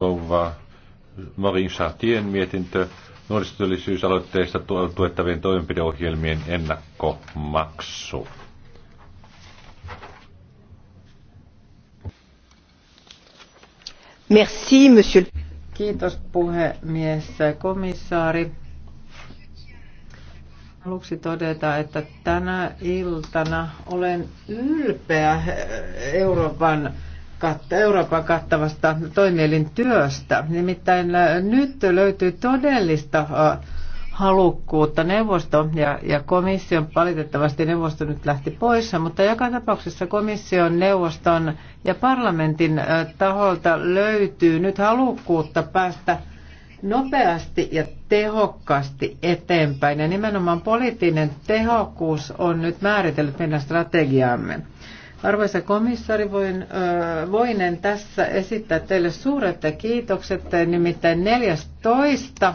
rouva Marin Chartien mietintö nuorisotyöllisyysaloitteista tuettavien toimenpideohjelmien ennakkomaksu. Merci, monsieur. Kiitos puhemies komissaari. Aluksi todeta, että tänä iltana olen ylpeä Euroopan Euroopan kattavasta toimielin työstä. Nimittäin äh, nyt löytyy todellista äh, halukkuutta neuvosto ja, ja komission, valitettavasti neuvosto nyt lähti pois, mutta joka tapauksessa komission, neuvoston ja parlamentin äh, taholta löytyy nyt halukkuutta päästä nopeasti ja tehokkaasti eteenpäin. Ja nimenomaan poliittinen tehokkuus on nyt määritellyt meidän strategiaamme. Arvoisa komissaari, voin, voinen tässä esittää teille suuret kiitokset. Nimittäin 14.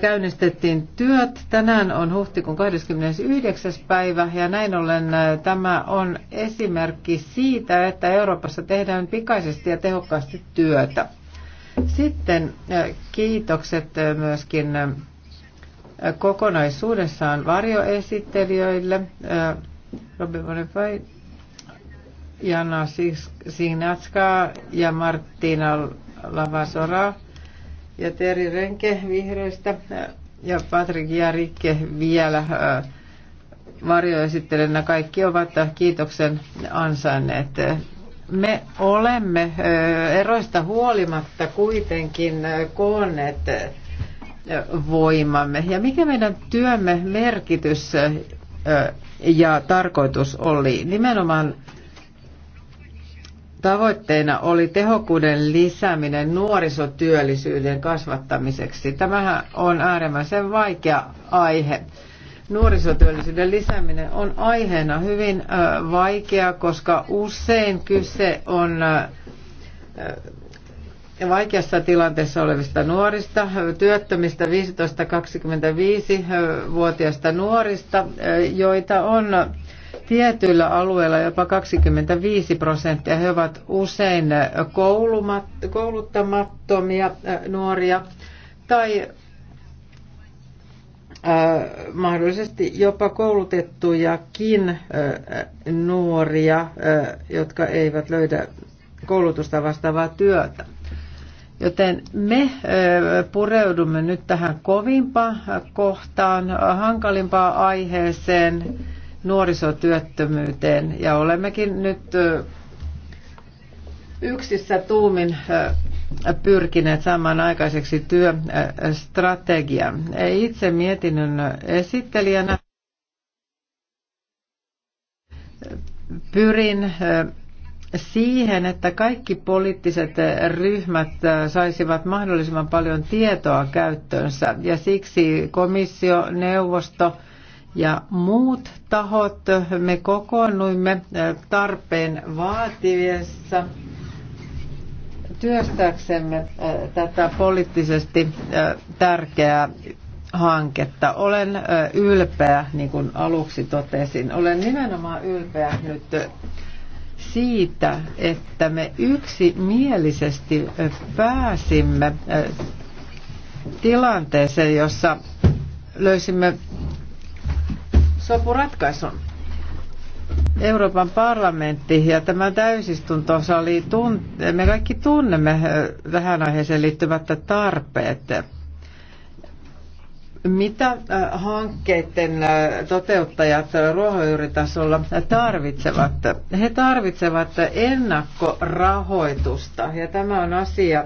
käynnistettiin työt. Tänään on huhtikuun 29. päivä ja näin ollen tämä on esimerkki siitä, että Euroopassa tehdään pikaisesti ja tehokkaasti työtä. Sitten kiitokset myöskin kokonaisuudessaan varjoesittelijöille. Robin Jana no, siis Signatska ja Martina Lavasora ja Teri Rönke vihreistä ja Patrik Jarikke vielä äh, varjoesittelijänä. Kaikki ovat kiitoksen ansainneet. Me olemme äh, eroista huolimatta kuitenkin äh, koonneet voimamme. Ja mikä meidän työmme merkitys ja tarkoitus oli? Nimenomaan Tavoitteena oli tehokkuuden lisääminen nuorisotyöllisyyden kasvattamiseksi. Tämähän on äärimmäisen vaikea aihe. Nuorisotyöllisyyden lisääminen on aiheena hyvin vaikea, koska usein kyse on vaikeassa tilanteessa olevista nuorista, työttömistä 15-25-vuotiaista nuorista, joita on Tietyillä alueilla jopa 25 prosenttia. He ovat usein kouluttamattomia nuoria tai mahdollisesti jopa koulutettujakin nuoria, jotka eivät löydä koulutusta vastaavaa työtä. Joten me pureudumme nyt tähän kovimpaan kohtaan, hankalimpaan aiheeseen nuorisotyöttömyyteen. Ja olemmekin nyt yksissä tuumin pyrkineet saamaan aikaiseksi työstrategian. Itse mietinnön esittelijänä pyrin siihen, että kaikki poliittiset ryhmät saisivat mahdollisimman paljon tietoa käyttöönsä. Ja siksi komissio, neuvosto ja muut tahot me kokoonnuimme tarpeen vaatiessa työstääksemme tätä poliittisesti tärkeää hanketta. Olen ylpeä, niin kuin aluksi totesin, olen nimenomaan ylpeä nyt siitä, että me yksimielisesti pääsimme tilanteeseen, jossa löysimme sopuratkaisun. Euroopan parlamentti ja tämä täysistuntosali, me kaikki tunnemme äh, tähän aiheeseen liittyvät tarpeet. Mitä äh, hankkeiden äh, toteuttajat ruohonjuuritasolla tarvitsevat? He tarvitsevat ennakkorahoitusta ja tämä on asia,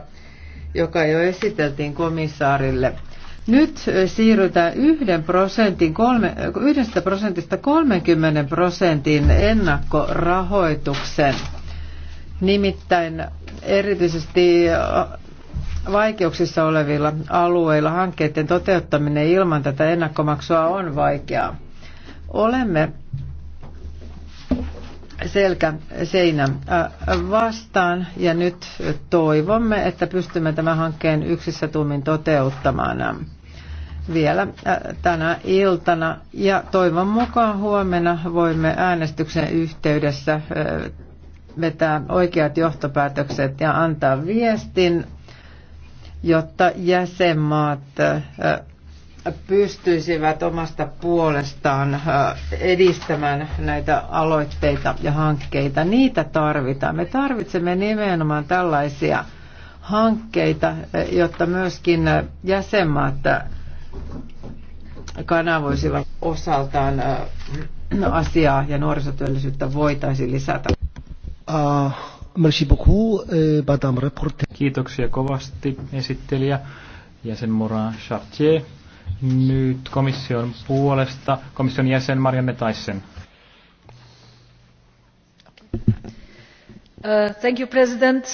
joka jo esiteltiin komissaarille – nyt siirrytään yhden prosentin, kolme, yhdestä prosentista 30 prosentin ennakkorahoituksen. Nimittäin erityisesti vaikeuksissa olevilla alueilla hankkeiden toteuttaminen ilman tätä ennakkomaksua on vaikeaa. Olemme selkä seinä vastaan ja nyt toivomme, että pystymme tämän hankkeen yksissä tuumin toteuttamaan vielä tänä iltana ja toivon mukaan huomenna voimme äänestyksen yhteydessä vetää oikeat johtopäätökset ja antaa viestin, jotta jäsenmaat pystyisivät omasta puolestaan äh, edistämään näitä aloitteita ja hankkeita. Niitä tarvitaan. Me tarvitsemme nimenomaan tällaisia hankkeita, äh, jotta myöskin äh, jäsenmaat kanavoisivat osaltaan no, asiaa ja nuorisotyöllisyyttä voitaisiin lisätä. Ah, eh, Kiitoksia kovasti esittelijä sen Morin Chartier. Nyt komission puolesta komission jäsen Marianne Taisen. Uh, thank you, President.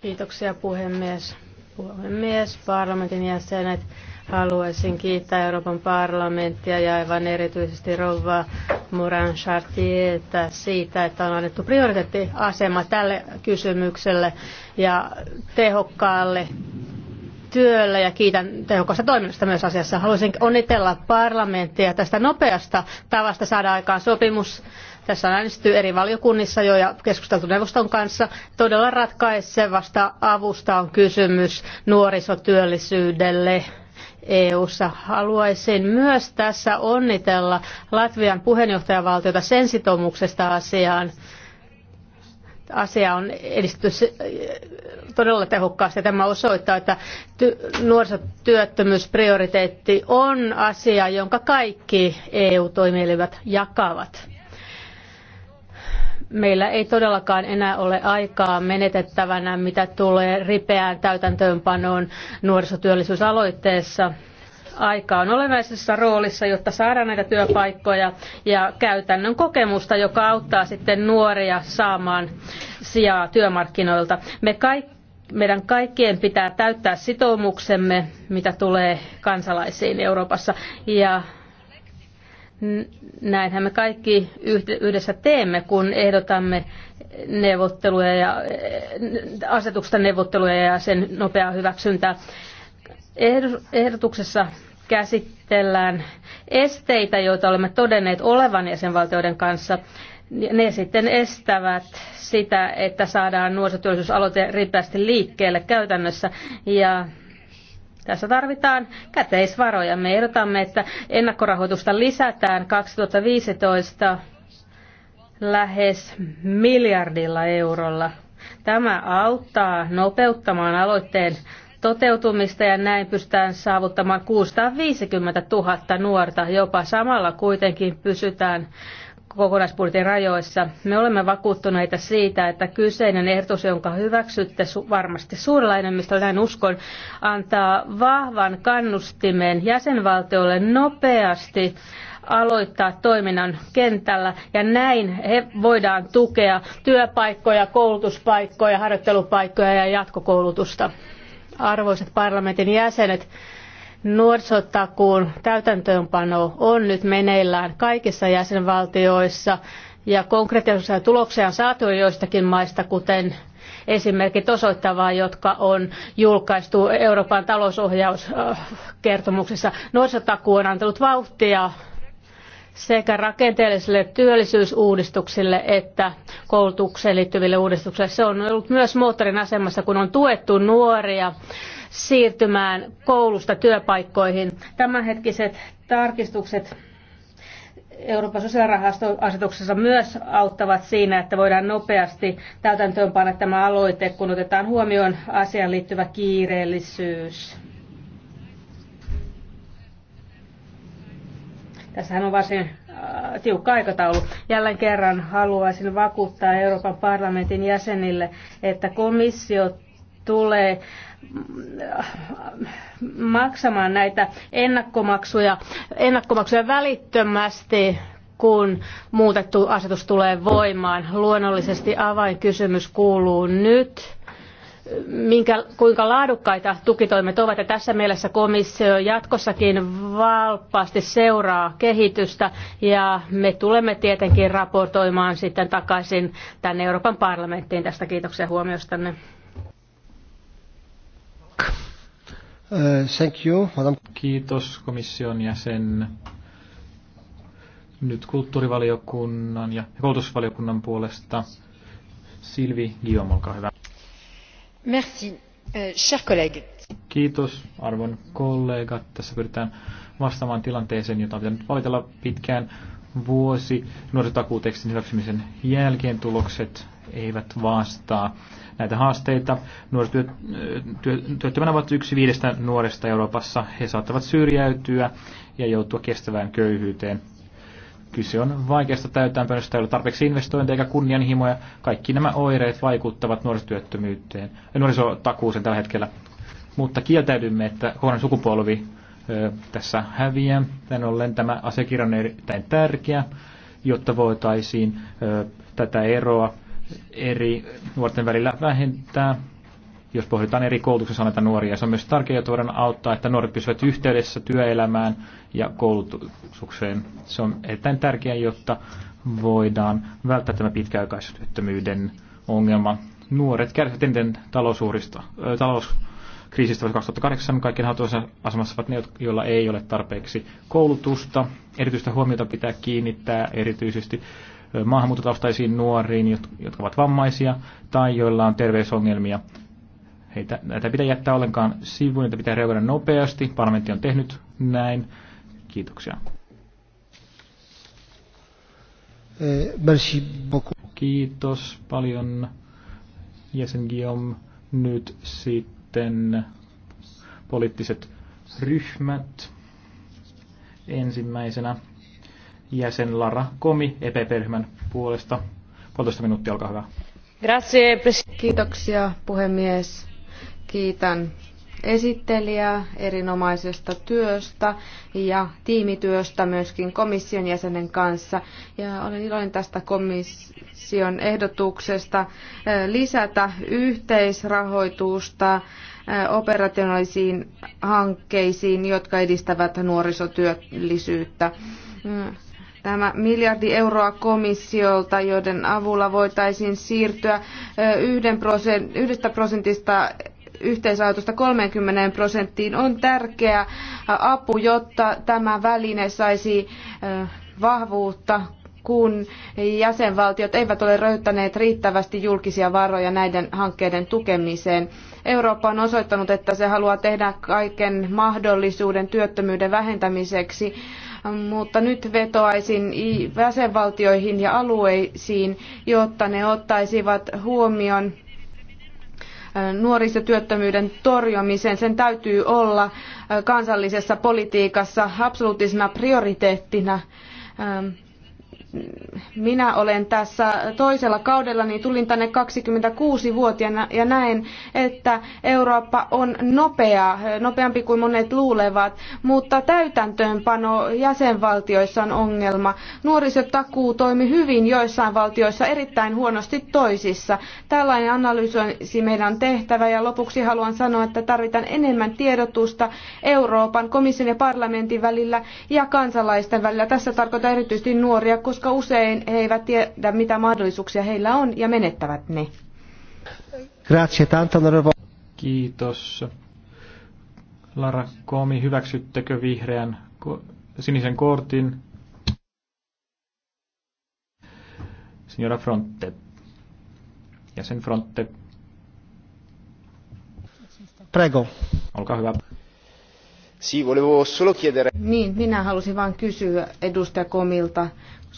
Kiitoksia puhemies. Puhemies, parlamentin jäsenet, haluaisin kiittää Euroopan parlamenttia ja aivan erityisesti Rova Moran Chartierta siitä, että on annettu prioriteettiasema tälle kysymykselle ja tehokkaalle työllä ja kiitän tehokasta toiminnasta myös asiassa. Haluaisin onnitella parlamenttia tästä nopeasta tavasta saada aikaan sopimus. Tässä on äänestetty eri valiokunnissa jo ja keskusteltu neuvoston kanssa. Todella ratkaisevasta avusta on kysymys nuorisotyöllisyydelle. EU-ssa. Haluaisin myös tässä onnitella Latvian puheenjohtajavaltiota sen sitoumuksesta asiaan asia on edistetty todella tehokkaasti. Tämä osoittaa, että ty- nuorisotyöttömyysprioriteetti on asia, jonka kaikki EU-toimielivät jakavat. Meillä ei todellakaan enää ole aikaa menetettävänä, mitä tulee ripeään täytäntöönpanoon nuorisotyöllisyysaloitteessa aika on olennaisessa roolissa, jotta saadaan näitä työpaikkoja ja käytännön kokemusta, joka auttaa sitten nuoria saamaan sijaa työmarkkinoilta. Me kaikki meidän kaikkien pitää täyttää sitoumuksemme, mitä tulee kansalaisiin Euroopassa. Ja näinhän me kaikki yhdessä teemme, kun ehdotamme neuvotteluja ja e, asetuksesta neuvotteluja ja sen nopeaa hyväksyntää. Ehdotuksessa käsitellään esteitä, joita olemme todenneet olevan jäsenvaltioiden kanssa. Ne sitten estävät sitä, että saadaan nuorisotyöllisyysaloite ripeästi liikkeelle käytännössä. Ja tässä tarvitaan käteisvaroja. Me ehdotamme, että ennakkorahoitusta lisätään 2015 lähes miljardilla eurolla. Tämä auttaa nopeuttamaan aloitteen toteutumista ja näin pystytään saavuttamaan 650 000 nuorta. Jopa samalla kuitenkin pysytään kokonaisbudjetin rajoissa. Me olemme vakuuttuneita siitä, että kyseinen ehdotus, jonka hyväksytte su- varmasti suurella enemmistöllä, näin uskon, antaa vahvan kannustimen jäsenvaltioille nopeasti aloittaa toiminnan kentällä ja näin he voidaan tukea työpaikkoja, koulutuspaikkoja, harjoittelupaikkoja ja jatkokoulutusta arvoisat parlamentin jäsenet, nuorisotakuun täytäntöönpano on nyt meneillään kaikissa jäsenvaltioissa ja konkreettisia tuloksia on saatu joistakin maista, kuten esimerkit osoittavaa, jotka on julkaistu Euroopan talousohjauskertomuksessa. Nuorisotakuu on antanut vauhtia sekä rakenteellisille työllisyysuudistuksille että koulutukseen liittyville uudistuksille. Se on ollut myös moottorin asemassa, kun on tuettu nuoria siirtymään koulusta työpaikkoihin. Tämänhetkiset tarkistukset Euroopan sosiaalirahastoasetuksessa myös auttavat siinä, että voidaan nopeasti täytäntöönpanna tämä aloite, kun otetaan huomioon asiaan liittyvä kiireellisyys. Tässähän on varsin äh, tiukka aikataulu. Jälleen kerran haluaisin vakuuttaa Euroopan parlamentin jäsenille, että komissio tulee mm, maksamaan näitä ennakkomaksuja, ennakkomaksuja välittömästi kun muutettu asetus tulee voimaan. Luonnollisesti avainkysymys kuuluu nyt minkä, kuinka laadukkaita tukitoimet ovat. Ja tässä mielessä komissio jatkossakin valppaasti seuraa kehitystä ja me tulemme tietenkin raportoimaan sitten takaisin tänne Euroopan parlamenttiin tästä. Kiitoksia huomiostanne. Uh, thank you, madam. Kiitos komission jäsen. Nyt kulttuurivaliokunnan ja koulutusvaliokunnan puolesta Silvi Guillaume, olkaa hyvä. Merci. Euh, chers Kiitos arvon kollegat. Tässä pyritään vastaamaan tilanteeseen, jota on pitänyt valitella pitkään vuosi. Nuorisotakuutekstin hyväksymisen jälkeen tulokset eivät vastaa näitä haasteita. Nuorisotyöttömänä äh, ovat yksi viidestä nuoresta Euroopassa. He saattavat syrjäytyä ja joutua kestävään köyhyyteen. Kyse on vaikeasta täytäänpönöstä, ei ole tarpeeksi investointeja eikä kunnianhimoja. Kaikki nämä oireet vaikuttavat nuorisotyöttömyyteen, eh, nuorisotakuuseen tällä hetkellä. Mutta kieltäydymme, että kohden sukupolvi ö, tässä häviää. Tän ollen tämä asiakirja on erittäin tärkeä, jotta voitaisiin ö, tätä eroa eri nuorten välillä vähentää jos pohditaan eri koulutuksessa näitä nuoria. Se on myös tärkeää, että voidaan auttaa, että nuoret pysyvät yhteydessä työelämään ja koulutukseen. Se on erittäin tärkeää, jotta voidaan välttää tämä pitkäaikaistyöttömyyden ongelma. Nuoret kärsivät eniten talousuurista, äh, talouskriisistä 2008. Kaikkien hautuissa asemassa ovat ne, joilla ei ole tarpeeksi koulutusta. Erityistä huomiota pitää kiinnittää erityisesti maahanmuuttotaustaisiin nuoriin, jotka ovat vammaisia tai joilla on terveysongelmia Heitä, näitä pitää jättää ollenkaan sivuun, niitä pitää reagoida nopeasti. Parlamentti on tehnyt näin. Kiitoksia. Eh, merci beaucoup. Kiitos paljon, jäsen Guillaume. Nyt sitten poliittiset ryhmät. Ensimmäisenä jäsen Lara Komi EPP-ryhmän puolesta. Puolitoista minuuttia, olkaa hyvä. Grazie, Kiitoksia puhemies. Kiitän esittelijää erinomaisesta työstä ja tiimityöstä myöskin komission jäsenen kanssa. Ja olen iloinen tästä komission ehdotuksesta eh, lisätä yhteisrahoitusta eh, operationaalisiin hankkeisiin, jotka edistävät nuorisotyöllisyyttä mm, tämä miljardi euroa komissiolta, joiden avulla voitaisiin siirtyä eh, yhden yhdestä prosentista yhteisrahoitusta 30 prosenttiin on tärkeä apu, jotta tämä väline saisi vahvuutta kun jäsenvaltiot eivät ole röyttäneet riittävästi julkisia varoja näiden hankkeiden tukemiseen. Eurooppa on osoittanut, että se haluaa tehdä kaiken mahdollisuuden työttömyyden vähentämiseksi, mutta nyt vetoaisin jäsenvaltioihin ja alueisiin, jotta ne ottaisivat huomioon nuorisotyöttömyyden torjumiseen. Sen täytyy olla kansallisessa politiikassa absoluuttisena prioriteettina minä olen tässä toisella kaudella, niin tulin tänne 26-vuotiaana ja näen, että Eurooppa on nopea, nopeampi kuin monet luulevat, mutta täytäntöönpano jäsenvaltioissa on ongelma. Nuorisotakuu toimi hyvin joissain valtioissa, erittäin huonosti toisissa. Tällainen analyysi meidän on tehtävä ja lopuksi haluan sanoa, että tarvitaan enemmän tiedotusta Euroopan komission ja parlamentin välillä ja kansalaisten välillä. Tässä tarkoitan erityisesti nuoria, koska koska usein he eivät tiedä, mitä mahdollisuuksia heillä on ja menettävät ne. Kiitos. Lara Komi, hyväksyttekö vihreän sinisen kortin? Signora Fronte. Jäsen Fronte. Prego. Olkaa hyvä. Niin, minä halusin vain kysyä edustaja Komilta,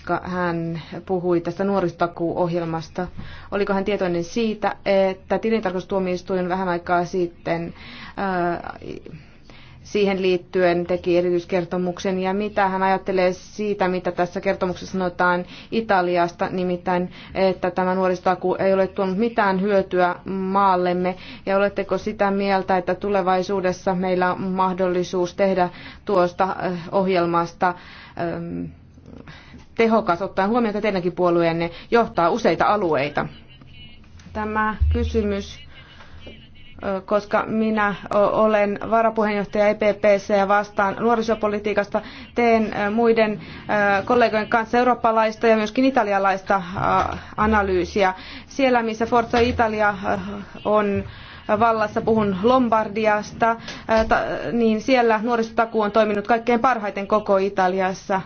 koska hän puhui tästä nuorisotakuuohjelmasta. Oliko hän tietoinen siitä, että tilintarkastustuomioistuin vähän aikaa sitten äh, siihen liittyen teki erityiskertomuksen ja mitä hän ajattelee siitä, mitä tässä kertomuksessa sanotaan Italiasta, nimittäin, että tämä nuoristaku ei ole tuonut mitään hyötyä maallemme ja oletteko sitä mieltä, että tulevaisuudessa meillä on mahdollisuus tehdä tuosta äh, ohjelmasta ähm, tehokas ottaen huomioon, että teidänkin puolueenne johtaa useita alueita? Tämä kysymys koska minä olen varapuheenjohtaja EPPssä ja vastaan nuorisopolitiikasta. Teen muiden kollegojen kanssa eurooppalaista ja myöskin italialaista analyysiä. Siellä, missä Forza Italia on vallassa, puhun Lombardiasta, niin siellä nuorisotakuu on toiminut kaikkein parhaiten koko Italiassa.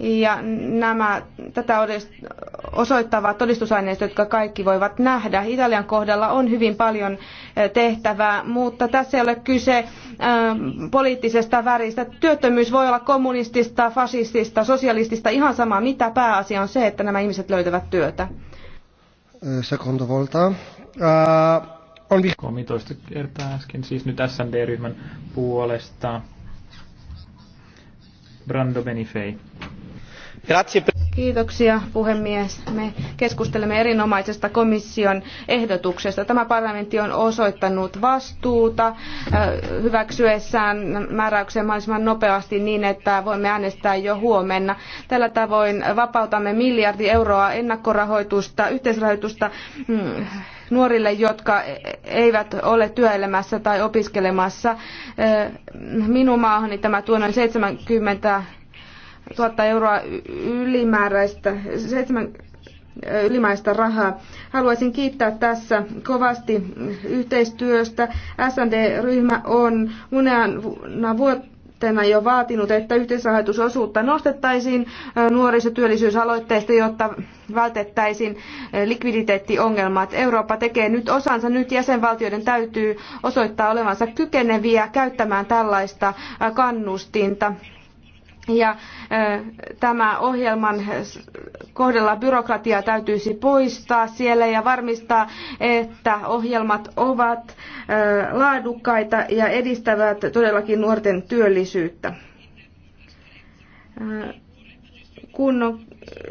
Ja nämä tätä osoittavat todistusaineistot, jotka kaikki voivat nähdä. Italian kohdalla on hyvin paljon tehtävää, mutta tässä ei ole kyse poliittisesta väristä. Työttömyys voi olla kommunistista, fasistista, sosialistista, ihan sama mitä. Pääasia on se, että nämä ihmiset löytävät työtä. Sekunta volta. Uh on vi- Komitoista kertaa äsken, siis nyt SND-ryhmän puolesta. Brando Benifei. Kiitoksia puhemies. Me keskustelemme erinomaisesta komission ehdotuksesta. Tämä parlamentti on osoittanut vastuuta äh, hyväksyessään määräyksen mahdollisimman nopeasti niin, että voimme äänestää jo huomenna. Tällä tavoin vapautamme miljardi euroa ennakkorahoitusta, yhteisrahoitusta mm, nuorille, jotka eivät ole työelämässä tai opiskelemassa. Äh, minun maahani tämä tuo noin 70 000 euroa ylimääräistä, 7 ylimääräistä rahaa. Haluaisin kiittää tässä kovasti yhteistyöstä. SND-ryhmä on uneana vuotena jo vaatinut, että yhteisrahoitusosuutta nostettaisiin nuorisotyöllisyysaloitteista, jotta vältettäisiin likviditeettiongelmat. Eurooppa tekee nyt osansa. Nyt jäsenvaltioiden täytyy osoittaa olevansa kykeneviä käyttämään tällaista kannustinta ja tämä ohjelman kohdalla byrokratiaa täytyisi poistaa siellä ja varmistaa, että ohjelmat ovat laadukkaita ja edistävät todellakin nuorten työllisyyttä kun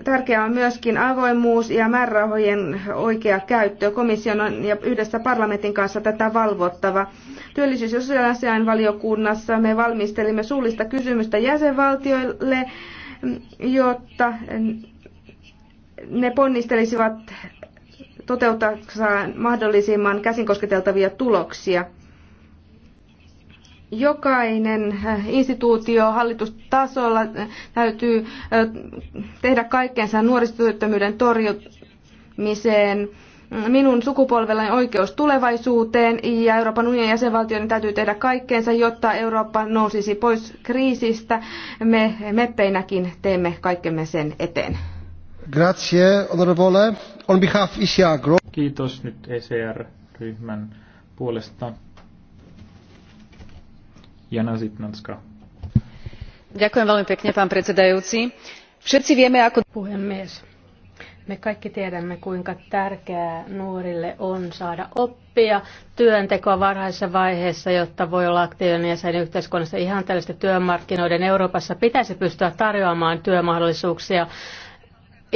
Tärkeää on myöskin avoimuus ja määrärahojen oikea käyttö. Komission on ja yhdessä parlamentin kanssa tätä valvottava. Työllisyys- ja sosiaaliasiainvaliokunnassa me valmistelimme suullista kysymystä jäsenvaltioille, jotta ne ponnistelisivat toteuttamaan mahdollisimman käsinkosketeltavia tuloksia jokainen äh, instituutio hallitustasolla äh, täytyy äh, tehdä kaikkensa nuorisotyöttömyyden torjumiseen. Minun sukupolvellani oikeus tulevaisuuteen ja Euroopan unionin jäsenvaltioiden täytyy tehdä kaikkeensa, jotta Eurooppa nousisi pois kriisistä. Me meppeinäkin teemme kaikkemme sen eteen. Grazie, onorevole. On behalf ICR Kiitos nyt ECR-ryhmän puolesta. Všetci vieme, ako... Puhemies. Me kaikki tiedämme, kuinka tärkeää nuorille on saada oppia työntekoa varhaisessa vaiheessa, jotta voi olla aktiivinen jäsen yhteiskunnassa ihan tällaista työmarkkinoiden Euroopassa pitäisi pystyä tarjoamaan työmahdollisuuksia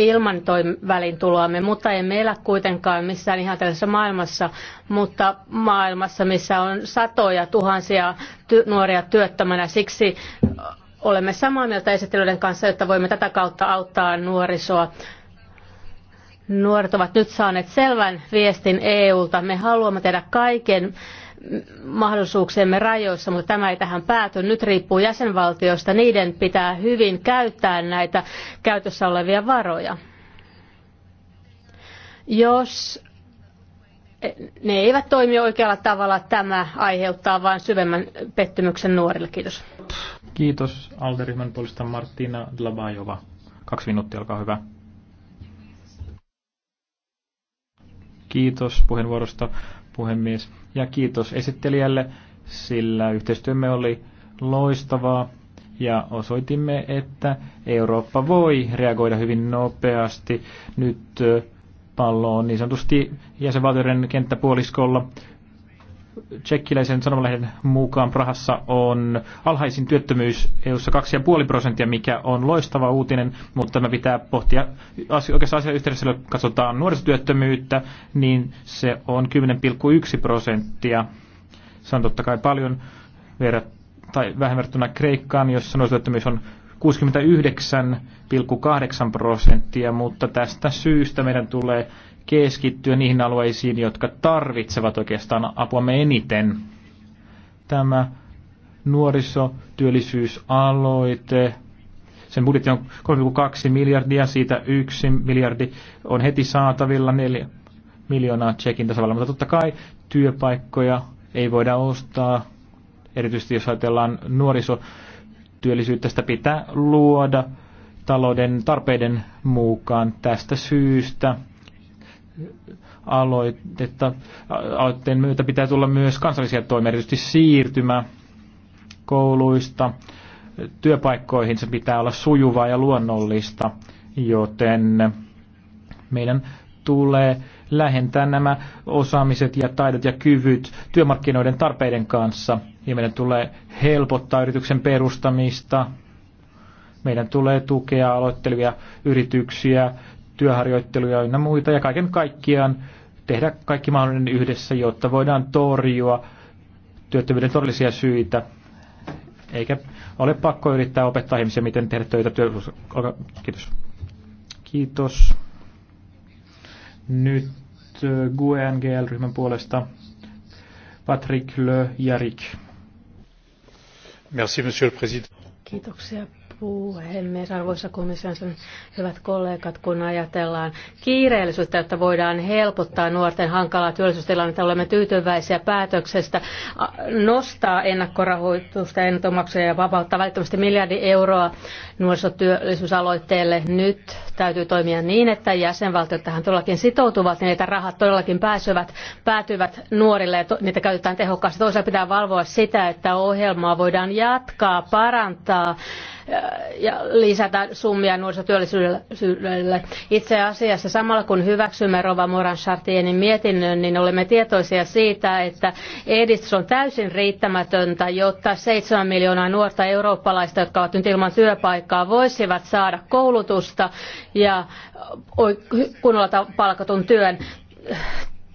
ilman välintuloamme, mutta emme elä kuitenkaan missään ihan tällaisessa maailmassa, mutta maailmassa, missä on satoja tuhansia ty- nuoria työttömänä. Siksi olemme samaa mieltä esittelyiden kanssa, että voimme tätä kautta auttaa nuorisoa. Nuoret ovat nyt saaneet selvän viestin EUlta. Me haluamme tehdä kaiken, mahdollisuuksiemme rajoissa, mutta tämä ei tähän pääty. Nyt riippuu jäsenvaltioista. Niiden pitää hyvin käyttää näitä käytössä olevia varoja. Jos ne eivät toimi oikealla tavalla, tämä aiheuttaa vain syvemmän pettymyksen nuorille. Kiitos. Kiitos Alderihman puolesta Martina Dlabajova. Kaksi minuuttia, olkaa hyvä. Kiitos puheenvuorosta, puhemies ja kiitos esittelijälle, sillä yhteistyömme oli loistavaa ja osoitimme, että Eurooppa voi reagoida hyvin nopeasti nyt pallo on niin sanotusti jäsenvaltioiden kenttäpuoliskolla tsekkiläisen sanomalehden mukaan Prahassa on alhaisin työttömyys EU-ssa 2,5 prosenttia, mikä on loistava uutinen, mutta me pitää pohtia oikeassa asian yhteydessä, kun katsotaan nuorisotyöttömyyttä, niin se on 10,1 prosenttia. Se on totta kai paljon verrat, tai vähän verrattuna Kreikkaan, jossa nuorisotyöttömyys on 69,8 prosenttia, mutta tästä syystä meidän tulee keskittyä niihin alueisiin, jotka tarvitsevat oikeastaan apuamme eniten. Tämä nuorisotyöllisyysaloite, sen budjetti on 3,2 miljardia, siitä yksi miljardi on heti saatavilla, neljä miljoonaa Tsekin tasavalla, mutta totta kai työpaikkoja ei voida ostaa, erityisesti jos ajatellaan nuorisotyöllisyyttä, sitä pitää luoda talouden tarpeiden mukaan tästä syystä aloitetta. Aloitteen myötä pitää tulla myös kansallisia toimia, erityisesti siirtymä kouluista työpaikkoihin. Se pitää olla sujuvaa ja luonnollista, joten meidän tulee lähentää nämä osaamiset ja taidot ja kyvyt työmarkkinoiden tarpeiden kanssa. Ja meidän tulee helpottaa yrityksen perustamista, meidän tulee tukea aloittelevia yrityksiä työharjoitteluja ja muita ja kaiken kaikkiaan tehdä kaikki mahdollinen yhdessä, jotta voidaan torjua työttömyyden todellisia syitä. Eikä ole pakko yrittää opettaa ihmisiä, miten tehdä töitä työsuhteessa. Kiitos. Kiitos. Nyt GUNGL-ryhmän puolesta Patrick Le Jarik. Merci, monsieur le président. Kiitoksia puhemies, arvoisa komission hyvät kollegat, kun ajatellaan kiireellisyyttä, että voidaan helpottaa nuorten hankalaa työllisyystilannetta, olemme tyytyväisiä päätöksestä nostaa ennakkorahoitusta, ennakkomaksuja ja vapauttaa välittömästi miljardi euroa nuorisotyöllisyysaloitteelle. Nyt täytyy toimia niin, että jäsenvaltiot tähän todellakin sitoutuvat, niin että rahat todellakin pääsevät, päätyvät nuorille ja niitä käytetään tehokkaasti. Toisaalta pitää valvoa sitä, että ohjelmaa voidaan jatkaa, parantaa ja lisätä summia nuorisotyöllisyydelle. Itse asiassa samalla kun hyväksymme Rova Moran Chartienin mietinnön, niin olemme tietoisia siitä, että edistys on täysin riittämätöntä, jotta 7 miljoonaa nuorta eurooppalaista, jotka ovat nyt ilman työpaikkaa, voisivat saada koulutusta ja kunnolla palkatun työn.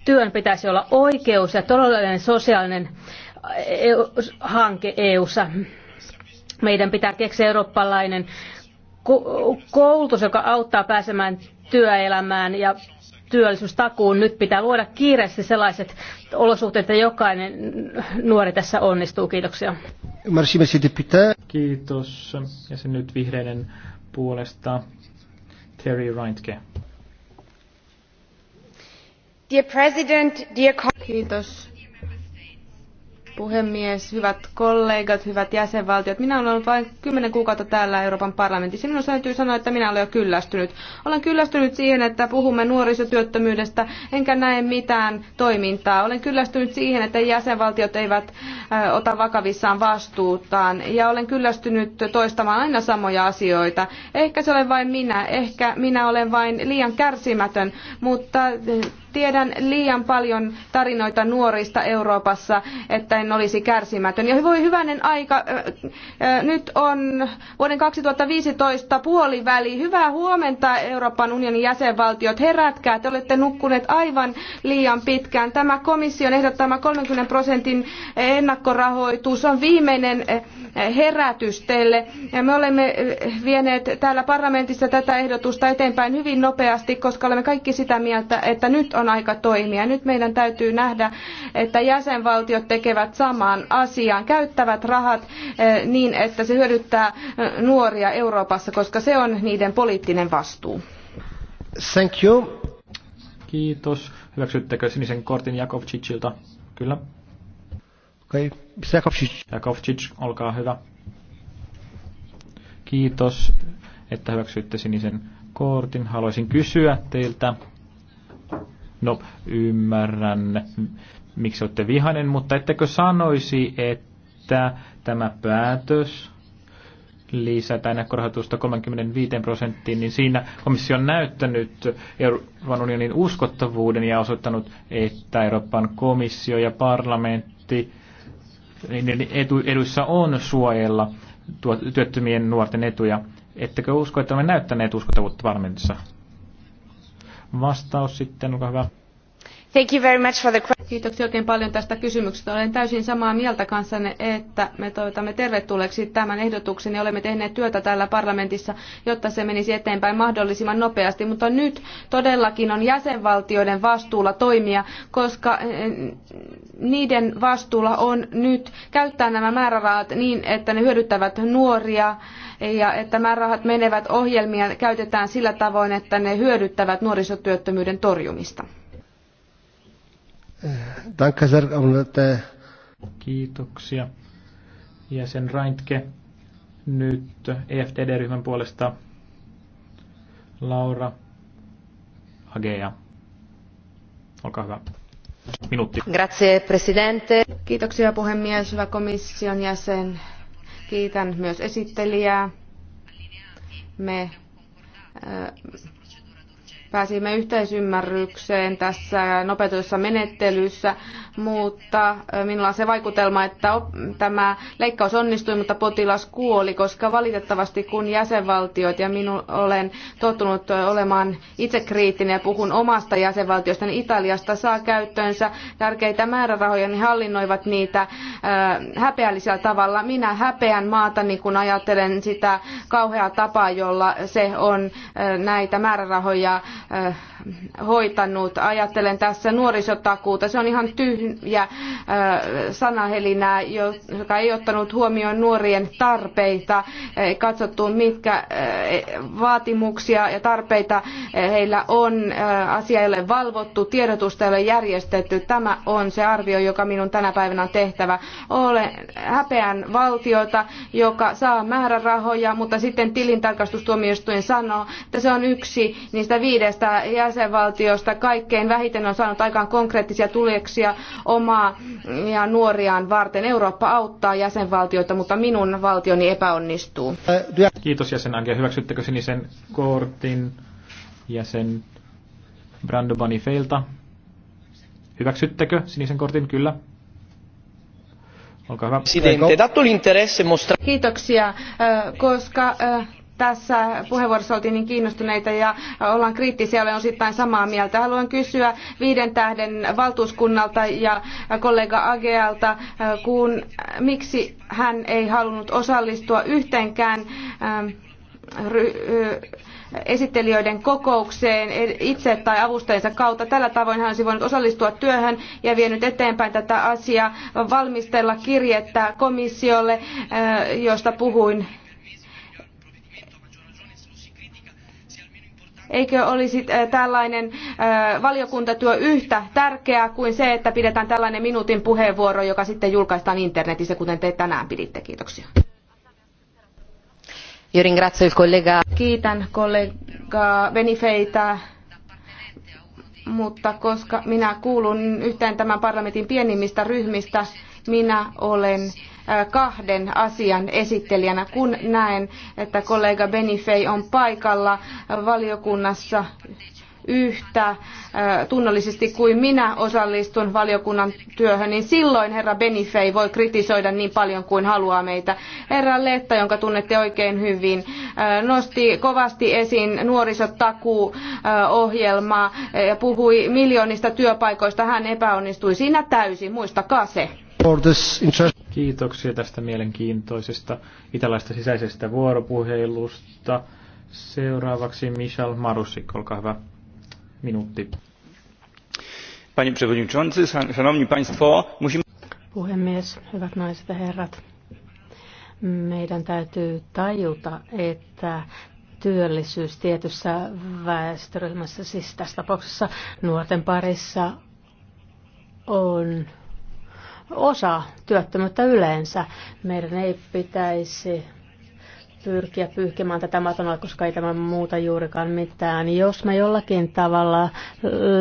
Työn pitäisi olla oikeus ja todellinen sosiaalinen hanke EU:ssa. Meidän pitää keksiä eurooppalainen koulutus, joka auttaa pääsemään työelämään ja työllisyystakuun. Nyt pitää luoda kiireesti sellaiset olosuhteet, että jokainen nuori tässä onnistuu. Kiitoksia. Kiitos. Ja se nyt vihreiden puolesta Terry Reintke. Dear President, dear... Kiitos puhemies, hyvät kollegat, hyvät jäsenvaltiot. Minä olen ollut vain kymmenen kuukautta täällä Euroopan parlamentissa. Minun täytyy sanoa, että minä olen jo kyllästynyt. Olen kyllästynyt siihen, että puhumme nuorisotyöttömyydestä, enkä näe mitään toimintaa. Olen kyllästynyt siihen, että jäsenvaltiot eivät äh, ota vakavissaan vastuutaan. Ja olen kyllästynyt toistamaan aina samoja asioita. Ehkä se olen vain minä, ehkä minä olen vain liian kärsimätön, mutta äh, Tiedän liian paljon tarinoita nuorista Euroopassa, että en olisi kärsimätön. Ja voi hyvänen aika, nyt on vuoden 2015 puoliväli. Hyvää huomenta Euroopan unionin jäsenvaltiot. Herätkää, te olette nukkuneet aivan liian pitkään. Tämä komission ehdottama 30 prosentin ennakkorahoitus on viimeinen herätys teille. Ja me olemme vieneet täällä parlamentissa tätä ehdotusta eteenpäin hyvin nopeasti, koska olemme kaikki sitä mieltä, että nyt on on aika toimia. Nyt meidän täytyy nähdä, että jäsenvaltiot tekevät samaan asiaan, käyttävät rahat eh, niin, että se hyödyttää eh, nuoria Euroopassa, koska se on niiden poliittinen vastuu. Thank you. Kiitos. Hyväksyttekö sinisen kortin Jakovcicilta? Kyllä. Okei, okay. Jakovcic. Jakovcic, olkaa hyvä. Kiitos, että hyväksyitte sinisen kortin. Haluaisin kysyä teiltä, No, ymmärrän, miksi olette vihainen, mutta ettekö sanoisi, että tämä päätös lisätä ennakkorahoitusta 35 prosenttiin, niin siinä komissio on näyttänyt Euroopan unionin uskottavuuden ja osoittanut, että Euroopan komissio ja parlamentti niin eduissa on suojella työttömien nuorten etuja. Ettekö usko, että olemme näyttäneet uskottavuutta parlamentissa? vastaus sitten, olkaa hyvä. Thank you very much for the question. Kiitoksia oikein paljon tästä kysymyksestä. Olen täysin samaa mieltä kanssanne, että me toivotamme tervetulleeksi tämän ehdotuksen ja olemme tehneet työtä täällä parlamentissa, jotta se menisi eteenpäin mahdollisimman nopeasti. Mutta nyt todellakin on jäsenvaltioiden vastuulla toimia, koska eh, niiden vastuulla on nyt käyttää nämä määrärahat niin, että ne hyödyttävät nuoria, ja että määrärahat menevät ohjelmia käytetään sillä tavoin, että ne hyödyttävät nuorisotyöttömyyden torjumista. Kiitoksia. Jäsen Raintke nyt EFTD-ryhmän puolesta Laura Agea. Olkaa hyvä. Minuutti. Grazie, presidente. Kiitoksia puhemies, hyvä komission jäsen, Kiitän myös esittelijää. Me pääsimme yhteisymmärrykseen tässä nopeutetussa menettelyssä, mutta minulla on se vaikutelma, että tämä leikkaus onnistui, mutta potilas kuoli, koska valitettavasti kun jäsenvaltiot ja minun olen tottunut olemaan itsekriittinen ja puhun omasta jäsenvaltiosta, niin Italiasta saa käyttöönsä tärkeitä määrärahoja, niin hallinnoivat niitä häpeällisellä tavalla. Minä häpeän maata, niin kun ajattelen sitä kauheaa tapaa, jolla se on näitä määrärahoja Eh, hoitanut. Ajattelen tässä nuorisotakuuta. Se on ihan tyhjä eh, sanahelinää, joka ei ottanut huomioon nuorien tarpeita, ei katsottu mitkä eh, vaatimuksia ja tarpeita heillä on. Asia ei ole valvottu, tiedotusta ei ole järjestetty. Tämä on se arvio, joka minun tänä päivänä on tehtävä. Olen häpeän valtiota, joka saa määrärahoja, mutta sitten tilintarkastustuomioistuin sanoo, että se on yksi niistä viidestä yksittäistä jäsenvaltiosta kaikkein vähiten on saanut aikaan konkreettisia tuloksia omaa ja nuoriaan varten. Eurooppa auttaa jäsenvaltioita, mutta minun valtioni epäonnistuu. Kiitos jäsen Angia. Hyväksyttekö sinisen kortin jäsen Brando Bonifailta? Hyväksyttekö sinisen kortin? Kyllä. Olkaa hyvä. Kiitoksia, koska tässä puheenvuorossa oltiin niin kiinnostuneita ja ollaan kriittisiä, olen osittain samaa mieltä. Haluan kysyä viiden tähden valtuuskunnalta ja kollega Agealta, kun miksi hän ei halunnut osallistua yhteenkään ähm, äh, esittelijöiden kokoukseen itse tai avustajansa kautta. Tällä tavoin hän olisi voinut osallistua työhön ja vienyt eteenpäin tätä asiaa, valmistella kirjettä komissiolle, äh, josta puhuin Eikö olisi äh, tällainen äh, valiokuntatyö yhtä tärkeää kuin se, että pidetään tällainen minuutin puheenvuoro, joka sitten julkaistaan internetissä, kuten te tänään piditte. Kiitoksia. Kiitän kollega Benifeitä mutta koska minä kuulun yhteen tämän parlamentin pienimmistä ryhmistä, minä olen kahden asian esittelijänä. Kun näen, että kollega Benifei on paikalla valiokunnassa yhtä tunnollisesti kuin minä osallistun valiokunnan työhön, niin silloin herra Benifei voi kritisoida niin paljon kuin haluaa meitä. Herra Letta, jonka tunnette oikein hyvin, nosti kovasti esiin nuorisotakuohjelmaa ja puhui miljoonista työpaikoista. Hän epäonnistui siinä täysin, muistakaa se. Kiitoksia tästä mielenkiintoisesta italaista sisäisestä vuoropuhelusta. Seuraavaksi Michel Marusik, olkaa hyvä. Minuutti. Panie przewodniczący, szanowni państwo, musimy... Puhemies, hyvät naiset ja herrat. Meidän täytyy tajuta, että työllisyys tietyssä väestöryhmässä, siis tässä tapauksessa nuorten parissa, on osa työttömyyttä yleensä. Meidän ei pitäisi pyrkiä pyyhkimään tätä matonaa, koska ei tämä muuta juurikaan mitään. Jos me jollakin tavalla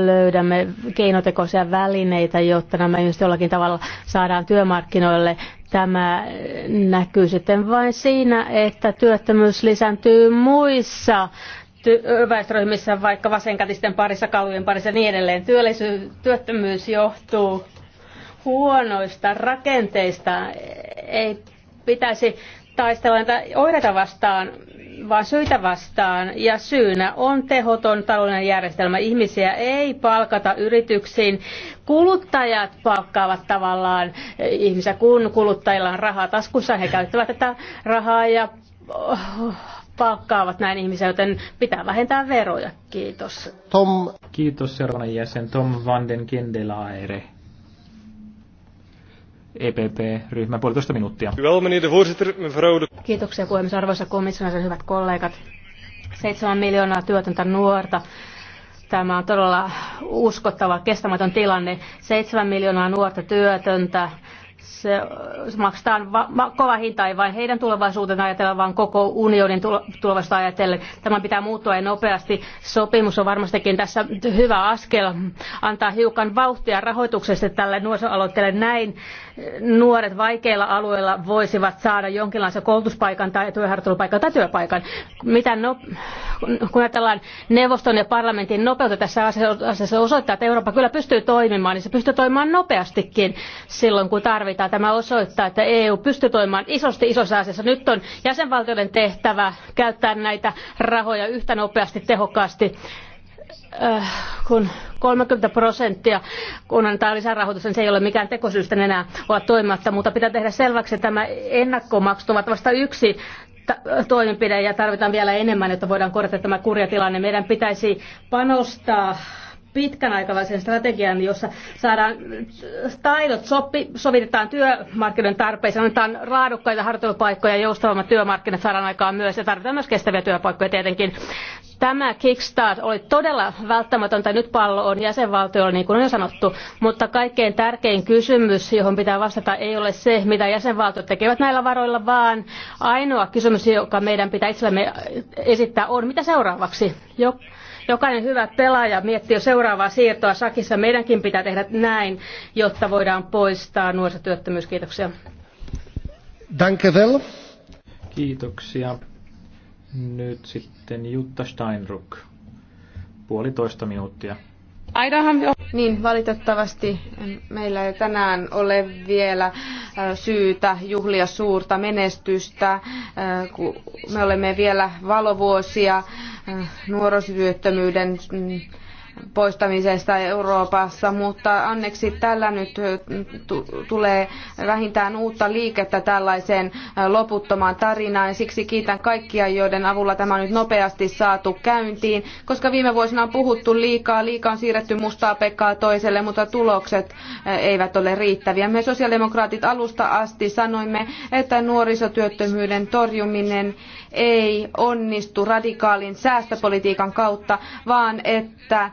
löydämme keinotekoisia välineitä, jotta nämä jollakin tavalla saadaan työmarkkinoille, tämä näkyy sitten vain siinä, että työttömyys lisääntyy muissa väestöryhmissä, vaikka vasenkätisten parissa, kalujen parissa ja niin edelleen. työttömyys johtuu huonoista rakenteista ei pitäisi taistella näitä oireita vastaan, vaan syitä vastaan. Ja syynä on tehoton taloudellinen järjestelmä. Ihmisiä ei palkata yrityksiin. Kuluttajat palkkaavat tavallaan ihmisiä, kun kuluttajilla on rahaa taskussa. He käyttävät tätä rahaa ja oh, palkkaavat näin ihmisiä, joten pitää vähentää veroja. Kiitos. Tom. Kiitos seuraavan jäsen Tom van den Kendelaere. EPP-ryhmä puolitoista minuuttia. Kiitoksia puhemies, arvoisa komissaari, hyvät kollegat. 7 miljoonaa työtöntä nuorta. Tämä on todella uskottava, kestämätön tilanne. 7 miljoonaa nuorta työtöntä. Se maksetaan va- ma- kova hinta, ei vain heidän tulevaisuutensa ajatella, vaan koko unionin tulevaisuutta ajatellen. Tämä pitää muuttua ja nopeasti. Sopimus on varmastikin tässä hyvä askel, antaa hiukan vauhtia rahoituksesta tälle nuorisoaloitteelle näin nuoret vaikeilla alueilla voisivat saada jonkinlaisen koulutuspaikan tai työharjoittelupaikan tai työpaikan. Mitä no, kun ajatellaan neuvoston ja parlamentin nopeutta tässä asiassa osoittaa, että Eurooppa kyllä pystyy toimimaan, niin se pystyy toimimaan nopeastikin silloin, kun tarvitaan. Tämä osoittaa, että EU pystyy toimimaan isosti isossa asiassa. Nyt on jäsenvaltioiden tehtävä käyttää näitä rahoja yhtä nopeasti, tehokkaasti Äh, kun 30 prosenttia, kun annetaan lisärahoitusta, niin se ei ole mikään tekosyystä enää olla toimimatta, mutta pitää tehdä selväksi, että tämä ennakkomaksut ovat vasta yksi toimenpide ja tarvitaan vielä enemmän, jotta voidaan korjata tämä kurjatilanne. Meidän pitäisi panostaa pitkän aikavälisen strategian, jossa saadaan taidot sopi, sovitetaan työmarkkinoiden tarpeisiin, annetaan laadukkaita harjoittelupaikkoja, joustavammat työmarkkinat saadaan aikaan myös ja tarvitaan myös kestäviä työpaikkoja tietenkin. Tämä kickstart oli todella välttämätöntä. Nyt pallo on jäsenvaltioilla, niin kuin on jo sanottu, mutta kaikkein tärkein kysymys, johon pitää vastata, ei ole se, mitä jäsenvaltiot tekevät näillä varoilla, vaan ainoa kysymys, joka meidän pitää itsellemme esittää, on mitä seuraavaksi. Jo, Jokainen hyvä pelaaja miettii jo seuraavaa siirtoa sakissa. Meidänkin pitää tehdä näin, jotta voidaan poistaa nuorisotyöttömyys. Kiitoksia. Danke Kiitoksia. Nyt sitten Jutta Steinruck. Puolitoista minuuttia. Niin, valitettavasti meillä ei tänään ole vielä äh, syytä juhlia suurta menestystä. Äh, me olemme vielä valovuosia nuorisotyöttömyyden mm, poistamisesta Euroopassa, mutta onneksi tällä nyt tulee vähintään uutta liikettä tällaiseen loputtomaan tarinaan. Siksi kiitän kaikkia, joiden avulla tämä on nyt nopeasti saatu käyntiin, koska viime vuosina on puhuttu liikaa, liikaa on siirretty mustaa pekkaa toiselle, mutta tulokset eh, eivät ole riittäviä. Me sosiaalidemokraatit alusta asti sanoimme, että nuorisotyöttömyyden torjuminen ei onnistu radikaalin säästöpolitiikan kautta, vaan että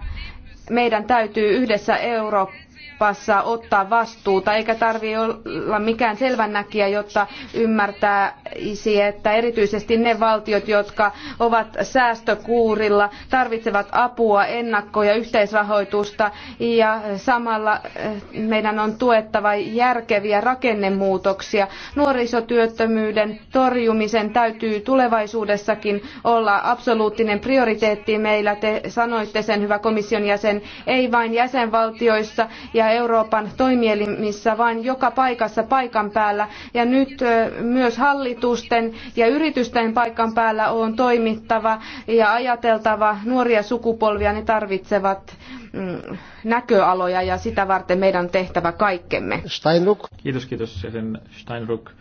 meidän täytyy yhdessä Euroopassa. Euroopassa ottaa vastuuta, eikä tarvitse olla mikään selvännäkijä, jotta ymmärtäisi, että erityisesti ne valtiot, jotka ovat säästökuurilla, tarvitsevat apua, ennakko- ja yhteisrahoitusta, ja samalla eh, meidän on tuettava järkeviä rakennemuutoksia. Nuorisotyöttömyyden torjumisen täytyy tulevaisuudessakin olla absoluuttinen prioriteetti meillä. Te sanoitte sen, hyvä komission jäsen, ei vain jäsenvaltioissa ja Euroopan toimielimissä, vaan joka paikassa paikan päällä. Ja nyt myös hallitusten ja yritysten paikan päällä on toimittava ja ajateltava nuoria sukupolvia. Ne tarvitsevat mm, näköaloja ja sitä varten meidän tehtävä kaikkemme. Steinruck. Kiitos, kiitos sen Steinruck.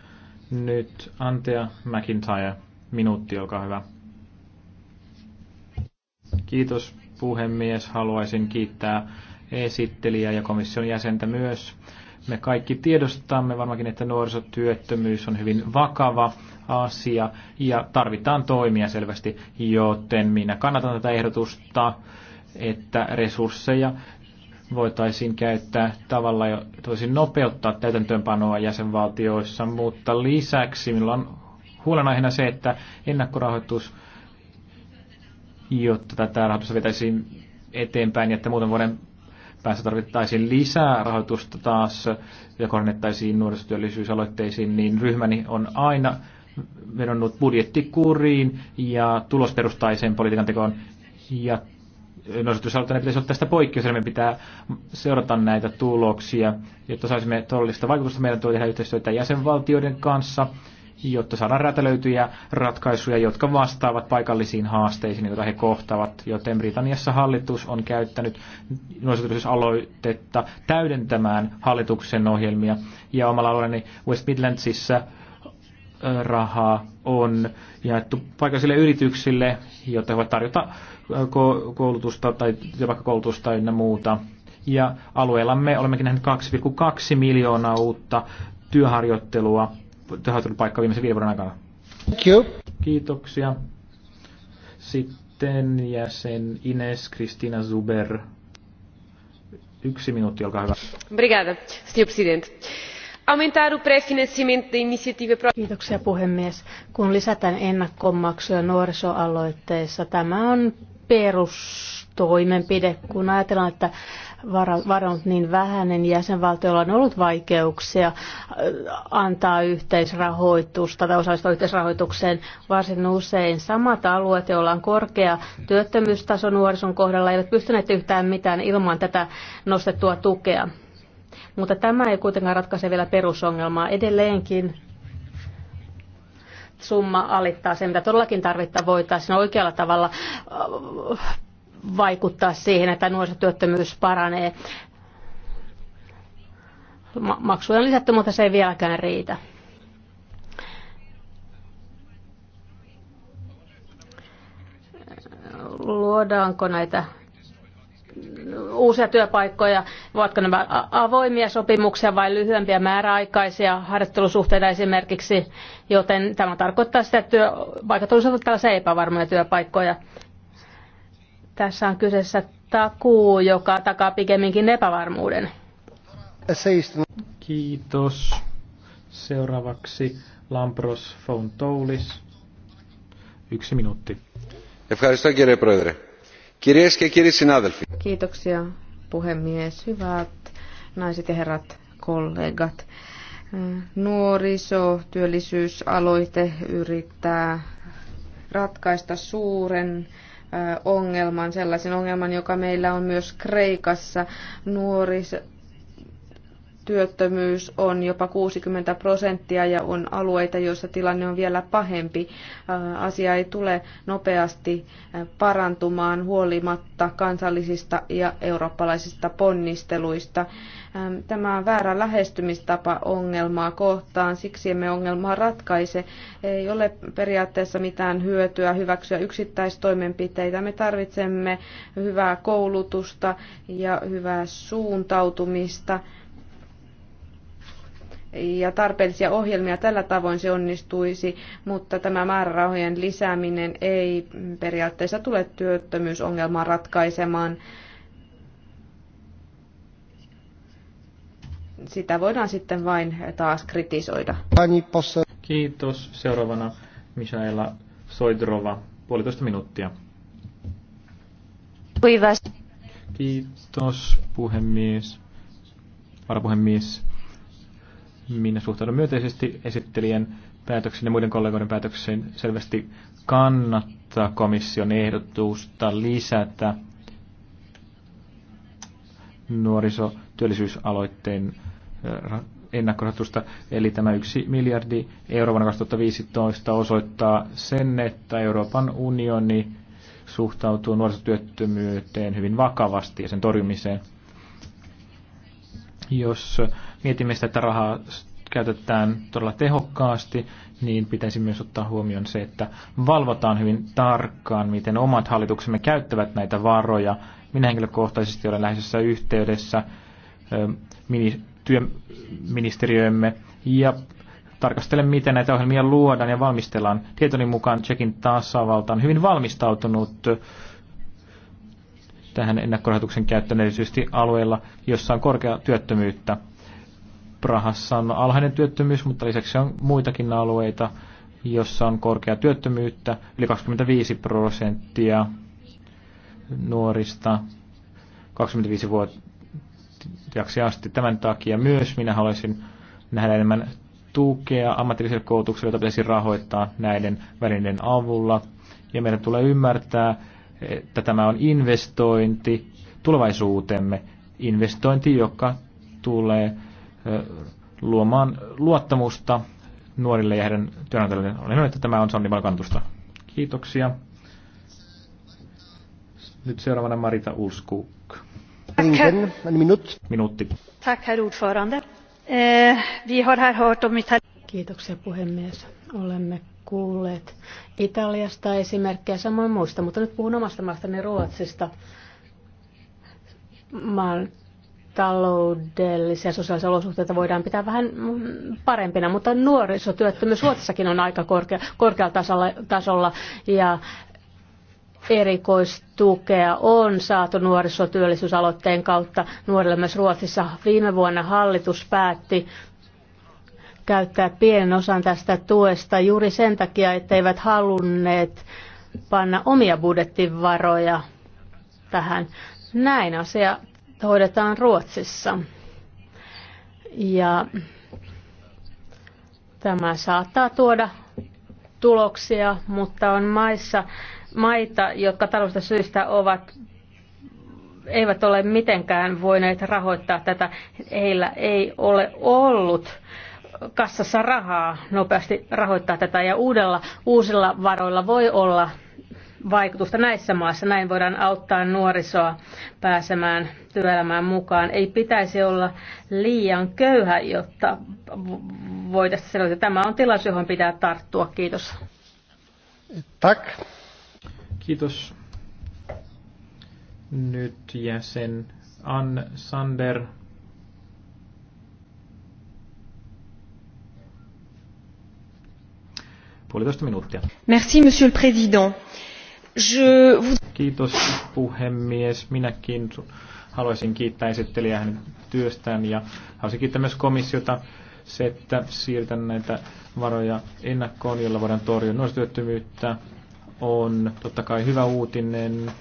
Nyt Antea McIntyre, minuutti, olkaa hyvä. Kiitos puhemies. Haluaisin kiittää esittelijää ja komission jäsentä myös. Me kaikki tiedostamme varmaankin, että nuorisotyöttömyys on hyvin vakava asia ja tarvitaan toimia selvästi, joten minä kannatan tätä ehdotusta, että resursseja voitaisiin käyttää tavalla, toisin nopeuttaa täytäntöönpanoa jäsenvaltioissa, mutta lisäksi minulla on huolenaiheena se, että ennakkorahoitus, jotta tätä rahoitusta vetäisiin eteenpäin, ja että muutaman vuoden päässä tarvittaisiin lisää rahoitusta taas ja kohdennettaisiin nuorisotyöllisyysaloitteisiin, niin ryhmäni on aina vedonnut budjettikuriin ja tulosperustaiseen politiikan tekoon. Ja nuorisotyöllisyysaloitteen pitäisi olla tästä poikkeus, eli me pitää seurata näitä tuloksia, jotta saisimme todellista vaikutusta. Meidän tulee tehdä yhteistyötä jäsenvaltioiden kanssa jotta saadaan räätälöityjä ratkaisuja, jotka vastaavat paikallisiin haasteisiin, joita he kohtaavat, joten Britanniassa hallitus on käyttänyt nuorisotyöllisyysaloitetta täydentämään hallituksen ohjelmia, ja omalla alueellani West Midlandsissa rahaa on jaettu paikallisille yrityksille, jotta he voivat tarjota koulutusta tai työpaikkakoulutusta ynnä muuta. Ja alueellamme olemmekin nähneet 2,2 miljoonaa uutta työharjoittelua tehostunut paikka viimeisen viiden vuoden aikana. Thank you. Kiitoksia. Sitten jäsen Ines Kristina Zuber. Yksi minuutti, olkaa hyvä. Brigada, signor Presidente aumentar o pré da iniciativa Kiitoksia puhemies. Kun lisätään ennakkomaksuja nuorisoaloitteessa, tämä on perus toimenpide, kun ajatellaan, että varannut niin vähäinen jäsenvaltioilla on ollut vaikeuksia äh, antaa yhteisrahoitusta tai osallistua yhteisrahoitukseen. Varsin usein samat alueet, joilla on korkea työttömyystaso nuorison kohdalla, eivät pystyneet yhtään mitään ilman tätä nostettua tukea. Mutta tämä ei kuitenkaan ratkaise vielä perusongelmaa. Edelleenkin summa alittaa sen, mitä todellakin tarvittaa, voitaisiin oikealla tavalla äh, vaikuttaa siihen, että nuorisotyöttömyys paranee. Maksuja on lisätty, mutta se ei vieläkään riitä. Luodaanko näitä uusia työpaikkoja, ovatko nämä avoimia sopimuksia vai lyhyempiä määräaikaisia harjoittelusuhteita esimerkiksi, joten tämä tarkoittaa sitä, että työpaikat olisivat tällaisia epävarmoja työpaikkoja. Tässä on kyseessä takuu, joka takaa pikemminkin epävarmuuden. Kiitos. Seuraavaksi Lampros Fontoulis. Yksi minuutti. Kiitoksia puhemies. Hyvät naiset ja herrat kollegat. Nuorisotyöllisyysaloite yrittää ratkaista suuren ongelman, sellaisen ongelman, joka meillä on myös Kreikassa. Nuoris työttömyys on jopa 60 prosenttia ja on alueita, joissa tilanne on vielä pahempi. Äh, asia ei tule nopeasti äh, parantumaan huolimatta kansallisista ja eurooppalaisista ponnisteluista. Ähm, tämä on väärä lähestymistapa ongelmaa kohtaan, siksi emme ongelmaa ratkaise. Ei ole periaatteessa mitään hyötyä hyväksyä yksittäistoimenpiteitä. Me tarvitsemme hyvää koulutusta ja hyvää suuntautumista ja tarpeellisia ohjelmia. Tällä tavoin se onnistuisi, mutta tämä määrärahojen lisääminen ei periaatteessa tule työttömyysongelmaa ratkaisemaan. Sitä voidaan sitten vain taas kritisoida. Kiitos. Seuraavana Michaela Soidrova, puolitoista minuuttia. Kiitos puhemies, varapuhemies minä suhtaudun myönteisesti esittelijän päätöksen ja muiden kollegoiden päätöksen selvästi kannattaa komission ehdotusta lisätä nuorisotyöllisyysaloitteen äh, ennakkorahoitusta. Eli tämä yksi miljardi euroa vuonna 2015 osoittaa sen, että Euroopan unioni suhtautuu nuorisotyöttömyyteen hyvin vakavasti ja sen torjumiseen. Jos mietimme sitä, että rahaa käytetään todella tehokkaasti, niin pitäisi myös ottaa huomioon se, että valvotaan hyvin tarkkaan, miten omat hallituksemme käyttävät näitä varoja. Minä henkilökohtaisesti olen läheisessä yhteydessä työministeriöömme ja tarkastelen, miten näitä ohjelmia luodaan ja valmistellaan. Tietoni mukaan Tsekin tasavalta on hyvin valmistautunut tähän ennakkorahoituksen käyttöön erityisesti alueilla, jossa on korkea työttömyyttä. Prahassa on alhainen työttömyys, mutta lisäksi on muitakin alueita, jossa on korkea työttömyyttä, yli 25 prosenttia nuorista 25-vuotiaaksi asti. Tämän takia myös minä haluaisin nähdä enemmän tukea ammatilliselle koulutukselle, jota pitäisi rahoittaa näiden välineiden avulla. Ja meidän tulee ymmärtää, että tämä on investointi tulevaisuutemme, investointi, joka tulee luomaan luottamusta nuorille ja heidän työnantajille. Olen hyvä, että tämä on Sanni kantusta. Kiitoksia. Nyt seuraavana Marita Minut. Minuutti. Tack, herr ordförande. Eh, vi har här hört om Kiitoksia puhemies. Olemme kuulleet Italiasta esimerkkejä samoin muista, mutta nyt puhun omasta maastani Ruotsista. Maan taloudellisia ja sosiaalisia olosuhteita voidaan pitää vähän parempina, mutta nuorisotyöttömyys Ruotsissakin on aika korkea, korkealla tasolla, tasolla ja erikoistukea on saatu nuorisotyöllisyysaloitteen kautta nuorille myös Ruotsissa. Viime vuonna hallitus päätti käyttää pienen osan tästä tuesta juuri sen takia, etteivät halunneet panna omia budjettivaroja tähän. Näin asia hoidetaan Ruotsissa. Ja tämä saattaa tuoda tuloksia, mutta on maissa, maita, jotka talousta syistä ovat eivät ole mitenkään voineet rahoittaa tätä. Heillä ei ole ollut kassassa rahaa nopeasti rahoittaa tätä ja uudella, uusilla varoilla voi olla vaikutusta näissä maissa. Näin voidaan auttaa nuorisoa pääsemään työelämään mukaan. Ei pitäisi olla liian köyhä, jotta voitaisiin sanoa, että tämä on tilaisuus, johon pitää tarttua. Kiitos. Tak. Kiitos. Nyt jäsen Ann Sander. Puolitoista minuuttia. Merci, monsieur le président Je... Kiitos puhemies. Minäkin haluaisin kiittää esittelijää hänen työstään ja haluaisin kiittää myös komissiota se, että siirtän näitä varoja ennakkoon, jolla voidaan torjua nuorisotyöttömyyttä, on totta kai hyvä uutinen.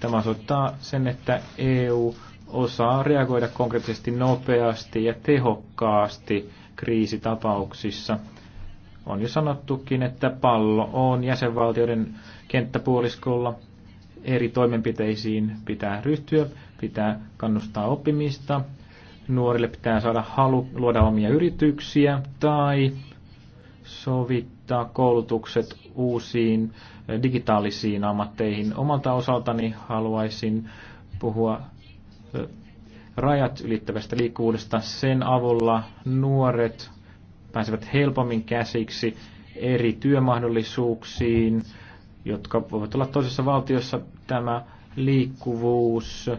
Tämä osoittaa sen, että EU osaa reagoida konkreettisesti nopeasti ja tehokkaasti kriisitapauksissa. On jo sanottukin, että pallo on jäsenvaltioiden kenttäpuoliskolla. Eri toimenpiteisiin pitää ryhtyä, pitää kannustaa oppimista, nuorille pitää saada halu luoda omia yrityksiä tai sovittaa koulutukset uusiin digitaalisiin ammatteihin. Omalta osaltani haluaisin puhua rajat ylittävästä liikkuvuudesta. Sen avulla nuoret pääsevät helpommin käsiksi eri työmahdollisuuksiin, jotka voivat olla toisessa valtiossa. Tämä liikkuvuus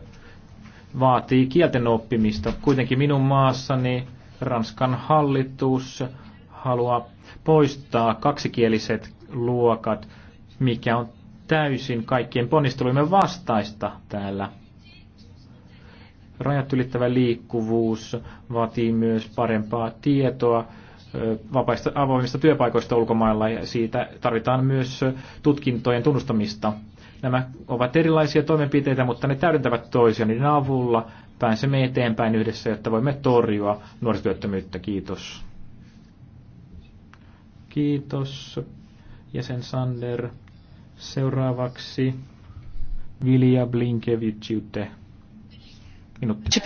vaatii kielten oppimista. Kuitenkin minun maassani Ranskan hallitus haluaa poistaa kaksikieliset luokat, mikä on täysin kaikkien ponnisteluimme vastaista täällä. Rajat ylittävä liikkuvuus vaatii myös parempaa tietoa vapaista avoimista työpaikoista ulkomailla ja siitä tarvitaan myös tutkintojen tunnustamista. Nämä ovat erilaisia toimenpiteitä, mutta ne täydentävät toisia Niiden avulla pääsemme eteenpäin yhdessä, jotta voimme torjua nuorisotyöttömyyttä. Kiitos. Kiitos, jäsen Sander. Seuraavaksi Vilja Blinkevičiute. Minuutti.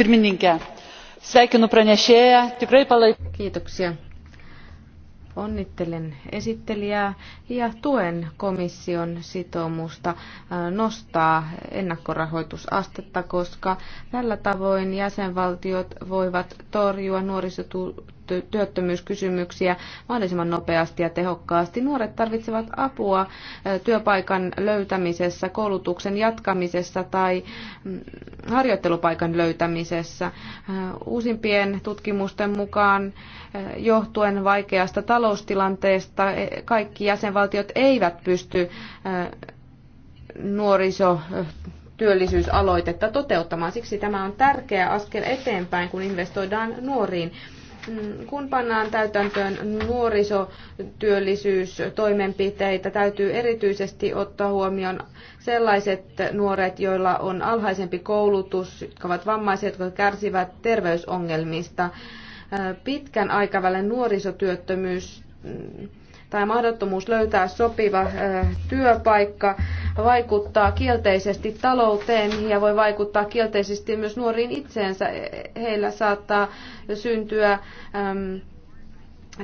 Kiitoksia Onnittelen esittelijää ja tuen komission sitoumusta äh, nostaa ennakkorahoitusastetta, koska tällä tavoin jäsenvaltiot voivat torjua nuorisotyöttömyyttä työttömyyskysymyksiä mahdollisimman nopeasti ja tehokkaasti. Nuoret tarvitsevat apua työpaikan löytämisessä, koulutuksen jatkamisessa tai mm, harjoittelupaikan löytämisessä. Uusimpien tutkimusten mukaan johtuen vaikeasta taloustilanteesta e, kaikki jäsenvaltiot eivät pysty nuoriso työllisyysaloitetta toteuttamaan. Siksi tämä on tärkeä askel eteenpäin, kun investoidaan nuoriin kun pannaan täytäntöön nuorisotyöllisyystoimenpiteitä, täytyy erityisesti ottaa huomioon sellaiset nuoret, joilla on alhaisempi koulutus, jotka ovat vammaisia, jotka kärsivät terveysongelmista. Pitkän aikavälin nuorisotyöttömyys mm, tai mahdottomuus löytää sopiva työpaikka vaikuttaa kielteisesti talouteen ja voi vaikuttaa kielteisesti myös nuoriin itseensä. Heillä saattaa syntyä äm,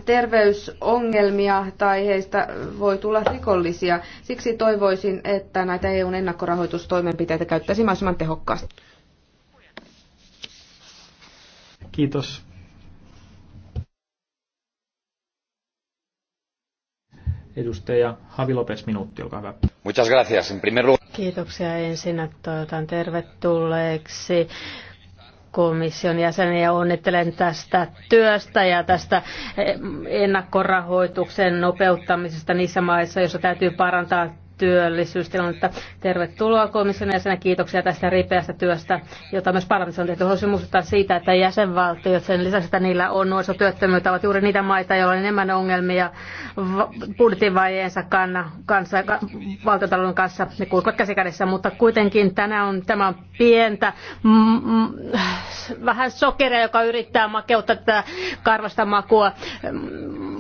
terveysongelmia tai heistä voi tulla rikollisia. Siksi toivoisin, että näitä EUn ennakkorahoitustoimenpiteitä käyttäisi mahdollisimman tehokkaasti. Kiitos. Edustaja havilopes minuutti, olkaa hyvä. Muchas gracias. En primer lugar... Kiitoksia ensin, toivotan tervetulleeksi komission jäsenen ja onnittelen tästä työstä ja tästä eh, ennakkorahoituksen nopeuttamisesta niissä maissa, joissa täytyy parantaa työllisyystilannetta. Tervetuloa komission jäsenä. Kiitoksia tästä ripeästä työstä, jota myös parlamentissa on tehty. Haluaisin muistuttaa siitä, että jäsenvaltiot sen lisäksi, että niillä on nuorisotyöttömyyttä, ovat juuri niitä maita, joilla on enemmän ongelmia budjetinvajeensa kanna, kanssa, valtiotalouden kanssa. Ne kulkevat käsikädessä, mutta kuitenkin tänään on tämä on pientä, vähän sokeria, joka yrittää makeuttaa tätä karvasta makua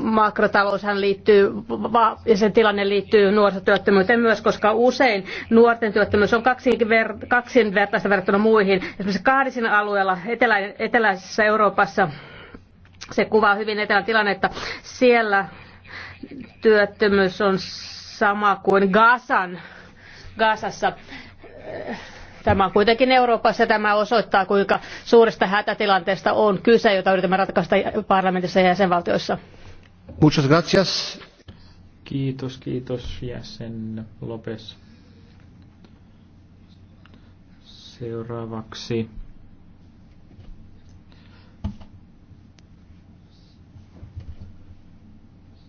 makrotaloushan liittyy, ja sen tilanne liittyy nuorisotyöttömyyteen myös, koska usein nuorten työttömyys on kaksinvertaista verrattuna muihin. Esimerkiksi Kaadisin alueella etelä, eteläisessä Euroopassa se kuvaa hyvin etelän tilannetta. Siellä työttömyys on sama kuin Gasan, Gasassa. Tämä on kuitenkin Euroopassa ja tämä osoittaa, kuinka suuresta hätätilanteesta on kyse, jota yritämme ratkaista parlamentissa ja jäsenvaltioissa. Muchas gracias. Kiitos, kiitos jäsen Lopes. Seuraavaksi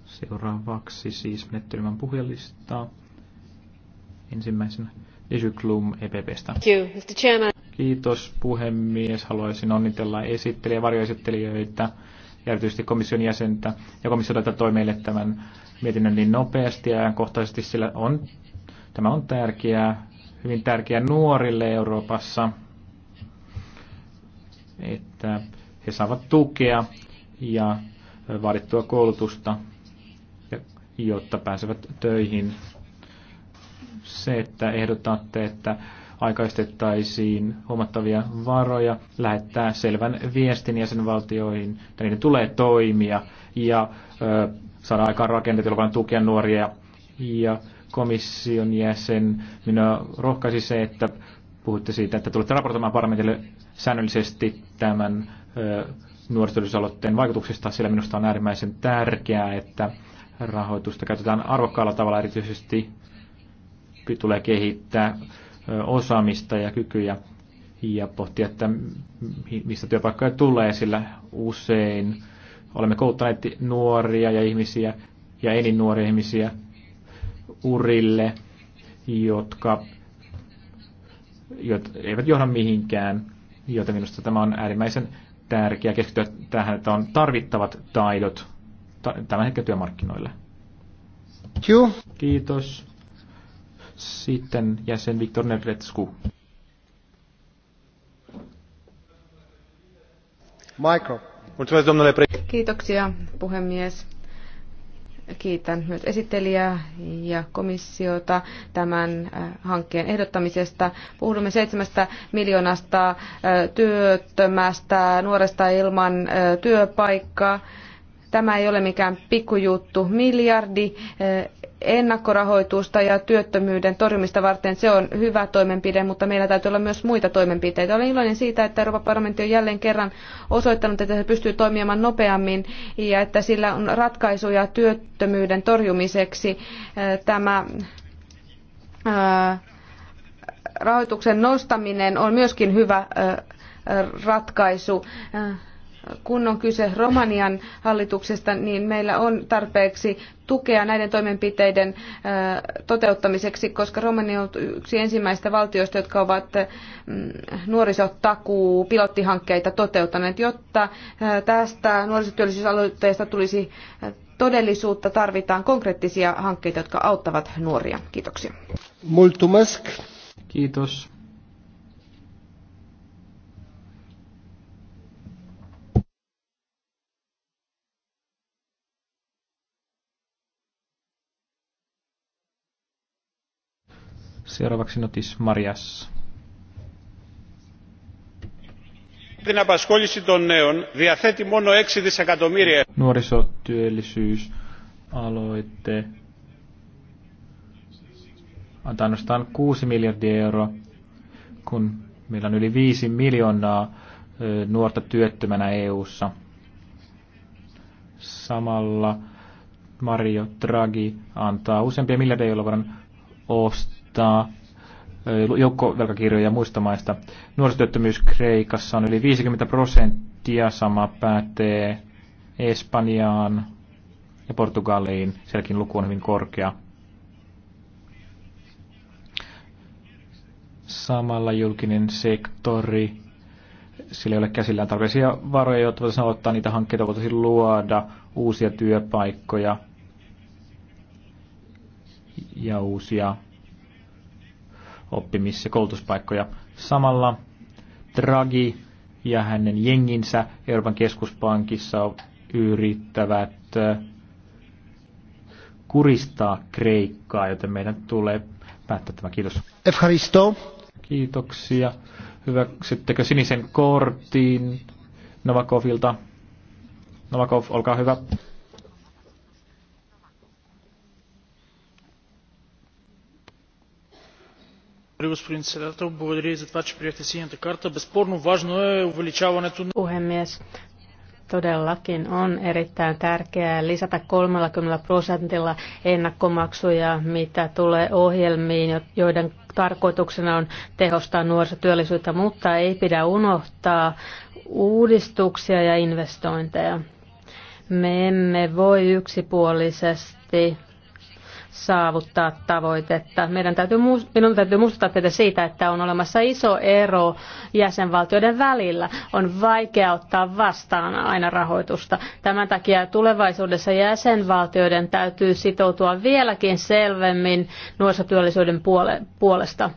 Seuraavaksi siis menettelymän puhelistaa. Ensimmäisenä Jesy Klum EPPstä. Kiitos puhemies. Haluaisin onnitella esittelijä ja varjoesittelijöitä ja erityisesti komission jäsentä ja komission toi meille tämän mietinnön niin nopeasti ja ajankohtaisesti, sillä on, tämä on tärkeää, hyvin tärkeää nuorille Euroopassa, että he saavat tukea ja vaadittua koulutusta, jotta pääsevät töihin. Se, että ehdotatte, että aikaistettaisiin huomattavia varoja, lähettää selvän viestin jäsenvaltioihin, että niiden tulee toimia ja ö, saada aikaan rakenteita, joilla tukea nuoria. Ja komission jäsen, minä rohkaisi se, että puhutte siitä, että tulette raportoimaan parlamentille säännöllisesti tämän ö, nuorisotyöllisyysaloitteen vaikutuksista, sillä minusta on äärimmäisen tärkeää, että rahoitusta käytetään arvokkaalla tavalla erityisesti tulee kehittää osaamista ja kykyjä ja pohtia, että mistä työpaikkoja tulee, sillä usein olemme kouluttaneet nuoria ja ihmisiä ja enin nuoria ihmisiä urille, jotka, jot, eivät johda mihinkään, joten minusta tämä on äärimmäisen tärkeää keskittyä tähän, että on tarvittavat taidot tämän hetken työmarkkinoille. Kiitos. Sitten jäsen Viktor Nevletsku. Micro. Kiitoksia puhemies. Kiitän myös esittelijää ja komissiota tämän äh, hankkeen ehdottamisesta. Puhumme seitsemästä miljoonasta äh, työttömästä nuoresta ilman äh, työpaikkaa. Tämä ei ole mikään pikkujuttu. Miljardi ennakkorahoitusta ja työttömyyden torjumista varten se on hyvä toimenpide, mutta meillä täytyy olla myös muita toimenpiteitä. Olen iloinen siitä, että Euroopan parlamentti on jälleen kerran osoittanut, että se pystyy toimimaan nopeammin ja että sillä on ratkaisuja työttömyyden torjumiseksi. Äh, tämä äh, rahoituksen nostaminen on myöskin hyvä äh, ratkaisu kun on kyse Romanian hallituksesta, niin meillä on tarpeeksi tukea näiden toimenpiteiden toteuttamiseksi, koska Romania on yksi ensimmäistä valtioista, jotka ovat nuorisotakuu pilottihankkeita toteuttaneet, jotta tästä nuorisotyöllisyysaloitteesta tulisi todellisuutta, tarvitaan konkreettisia hankkeita, jotka auttavat nuoria. Kiitoksia. Kiitos. Seuraavaksi Notis Marias. Την απασχόληση των νέων διαθέτει μόνο 6 δισεκατομμύρια. Nuorisotyöllisyysaloitte antaa ainoastaan 6 miljardia euroa, kun meillä on yli 5 miljoonaa nuorta työttömänä EU:ssa. Samalla Mario Draghi antaa useampia miljardeja, joilla voidaan ostaa ostaa eh, joukkovelkakirjoja muista maista. Nuorisotyöttömyys Kreikassa on yli 50 prosenttia, sama pätee Espanjaan ja Portugaliin. Sielläkin luku on hyvin korkea. Samalla julkinen sektori, sillä ei ole käsillään tarpeellisia varoja, jotta voitaisiin aloittaa niitä hankkeita, voitaisiin luoda uusia työpaikkoja ja uusia oppimis- ja koulutuspaikkoja. Samalla Draghi ja hänen jenginsä Euroopan keskuspankissa yrittävät kuristaa Kreikkaa, joten meidän tulee päättää tämä. Kiitos. Efharisto. Kiitoksia. Hyväksyttekö sinisen kortin Novakovilta? Novakov, olkaa hyvä. господин председател. Благодаря и за това, че приехте синята карта. Безспорно важно е увеличаването на... Puhemies, todellakin on erittäin tärkeää lisätä 30 prosentilla ennakkomaksuja, mitä tulee ohjelmiin, joiden tarkoituksena on tehostaa nuorisotyöllisyyttä, mutta ei pidä unohtaa uudistuksia ja investointeja. Me emme voi yksipuolisesti saavuttaa tavoitetta. Meidän täytyy, minun täytyy muistuttaa teitä siitä, että on olemassa iso ero jäsenvaltioiden välillä. On vaikea ottaa vastaan aina rahoitusta. Tämän takia tulevaisuudessa jäsenvaltioiden täytyy sitoutua vieläkin selvemmin nuorisotyöllisyyden puolesta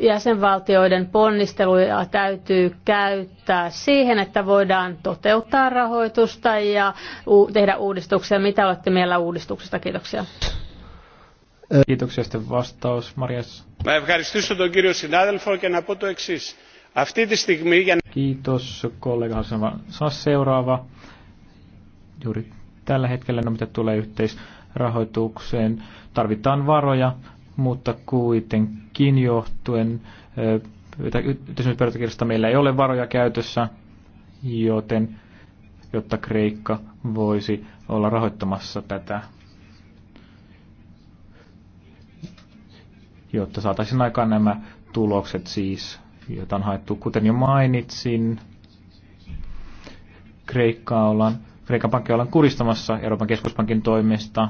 jäsenvaltioiden ponnisteluja täytyy käyttää siihen, että voidaan toteuttaa rahoitusta ja tehdä uudistuksia. Mitä olette mieltä uudistuksesta? Kiitoksia. Kiitoksia sitten vastaus, Marias. Mä ευχαριστήσω τον κύριο συνάδελφο και να πω το εξής. Αυτή τη στιγμή... Kiitos, kollega Hassan. Saa seuraava. Juuri tällä hetkellä, no mitä tulee yhteisrahoitukseen, tarvitaan varoja mutta kuitenkin johtuen yhteisöpöytäkirjasta meillä ei ole varoja käytössä, joten jotta Kreikka voisi olla rahoittamassa tätä, jotta saataisiin aikaan nämä tulokset siis, joita on haettu. Kuten jo mainitsin, Kreikkaa ollaan, Kreikan pankkia ollaan kuristamassa Euroopan keskuspankin toimesta.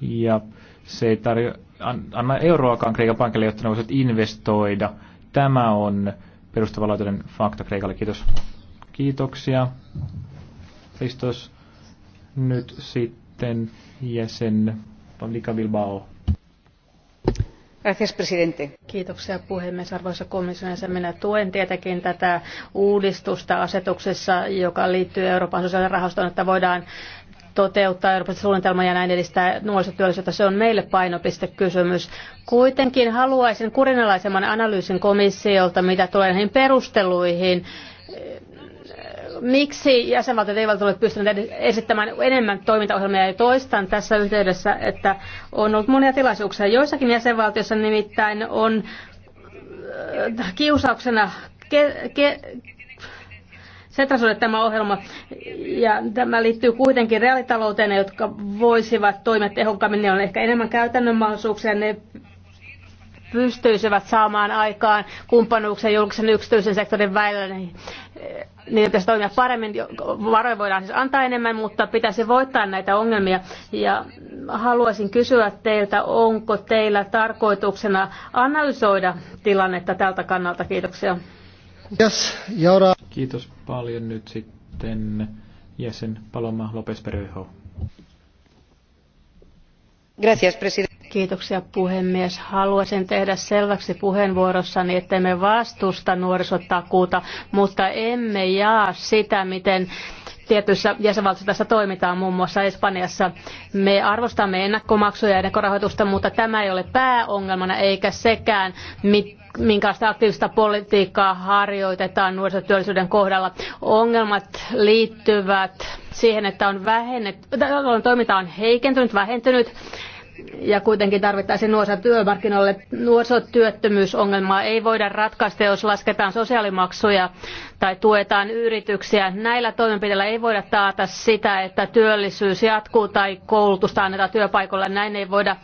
Ja se ei tarjo, anna euroakaan Kreikan pankille, jotta ne voisivat investoida. Tämä on perustavanlaatuinen fakta Kreikalle. Kiitos. Kiitoksia. Kristos. Nyt sitten jäsen Pavlika Bilbao. Gracias, presidente. Kiitoksia puhemies. Arvoisa komission jäsen, minä tuen tietenkin tätä uudistusta asetuksessa, joka liittyy Euroopan sosiaalirahastoon, että voidaan toteuttaa Euroopan suunnitelma ja näin edistää nuorisotyöllisyyttä. Se on meille painopistekysymys. Kuitenkin haluaisin kurinalaisemman analyysin komissiolta, mitä tulee näihin perusteluihin miksi jäsenvaltiot eivät ole pystyneet esittämään enemmän toimintaohjelmia ja toistan tässä yhteydessä, että on ollut monia tilaisuuksia. Joissakin jäsenvaltioissa nimittäin on äh, kiusauksena ke- ke- Setrasulle tämä ohjelma. Ja tämä liittyy kuitenkin reaalitalouteen, jotka voisivat toimia tehokkaammin. Ne on ehkä enemmän käytännön mahdollisuuksia. Ne pystyisivät saamaan aikaan kumppanuuksia julkisen ja yksityisen sektorin välillä, niin niin pitäisi toimia paremmin. Varoja voidaan siis antaa enemmän, mutta pitäisi voittaa näitä ongelmia. Ja haluaisin kysyä teiltä, onko teillä tarkoituksena analysoida tilannetta tältä kannalta? Kiitoksia. Yes, Jara. Kiitos paljon nyt sitten jäsen Paloma Lopes -Perejo. Gracias, presidente. Kiitoksia puhemies. Haluaisin tehdä selväksi puheenvuorossani, että me vastusta nuorisotakuuta, mutta emme jaa sitä, miten tietyissä jäsenvaltioissa tässä toimitaan, muun muassa Espanjassa. Me arvostamme ennakkomaksuja ja ennakkorahoitusta, mutta tämä ei ole pääongelmana eikä sekään, minkälaista aktiivista politiikkaa harjoitetaan nuorisotyöllisyyden kohdalla. Ongelmat liittyvät siihen, että on on toiminta on heikentynyt, vähentynyt ja kuitenkin tarvittaisiin nuorisotyömarkkinoille. Nuorisotyöttömyysongelmaa ei voida ratkaista, jos lasketaan sosiaalimaksuja tai tuetaan yrityksiä. Näillä toimenpiteillä ei voida taata sitä, että työllisyys jatkuu tai koulutusta annetaan työpaikoilla. Näin ei voida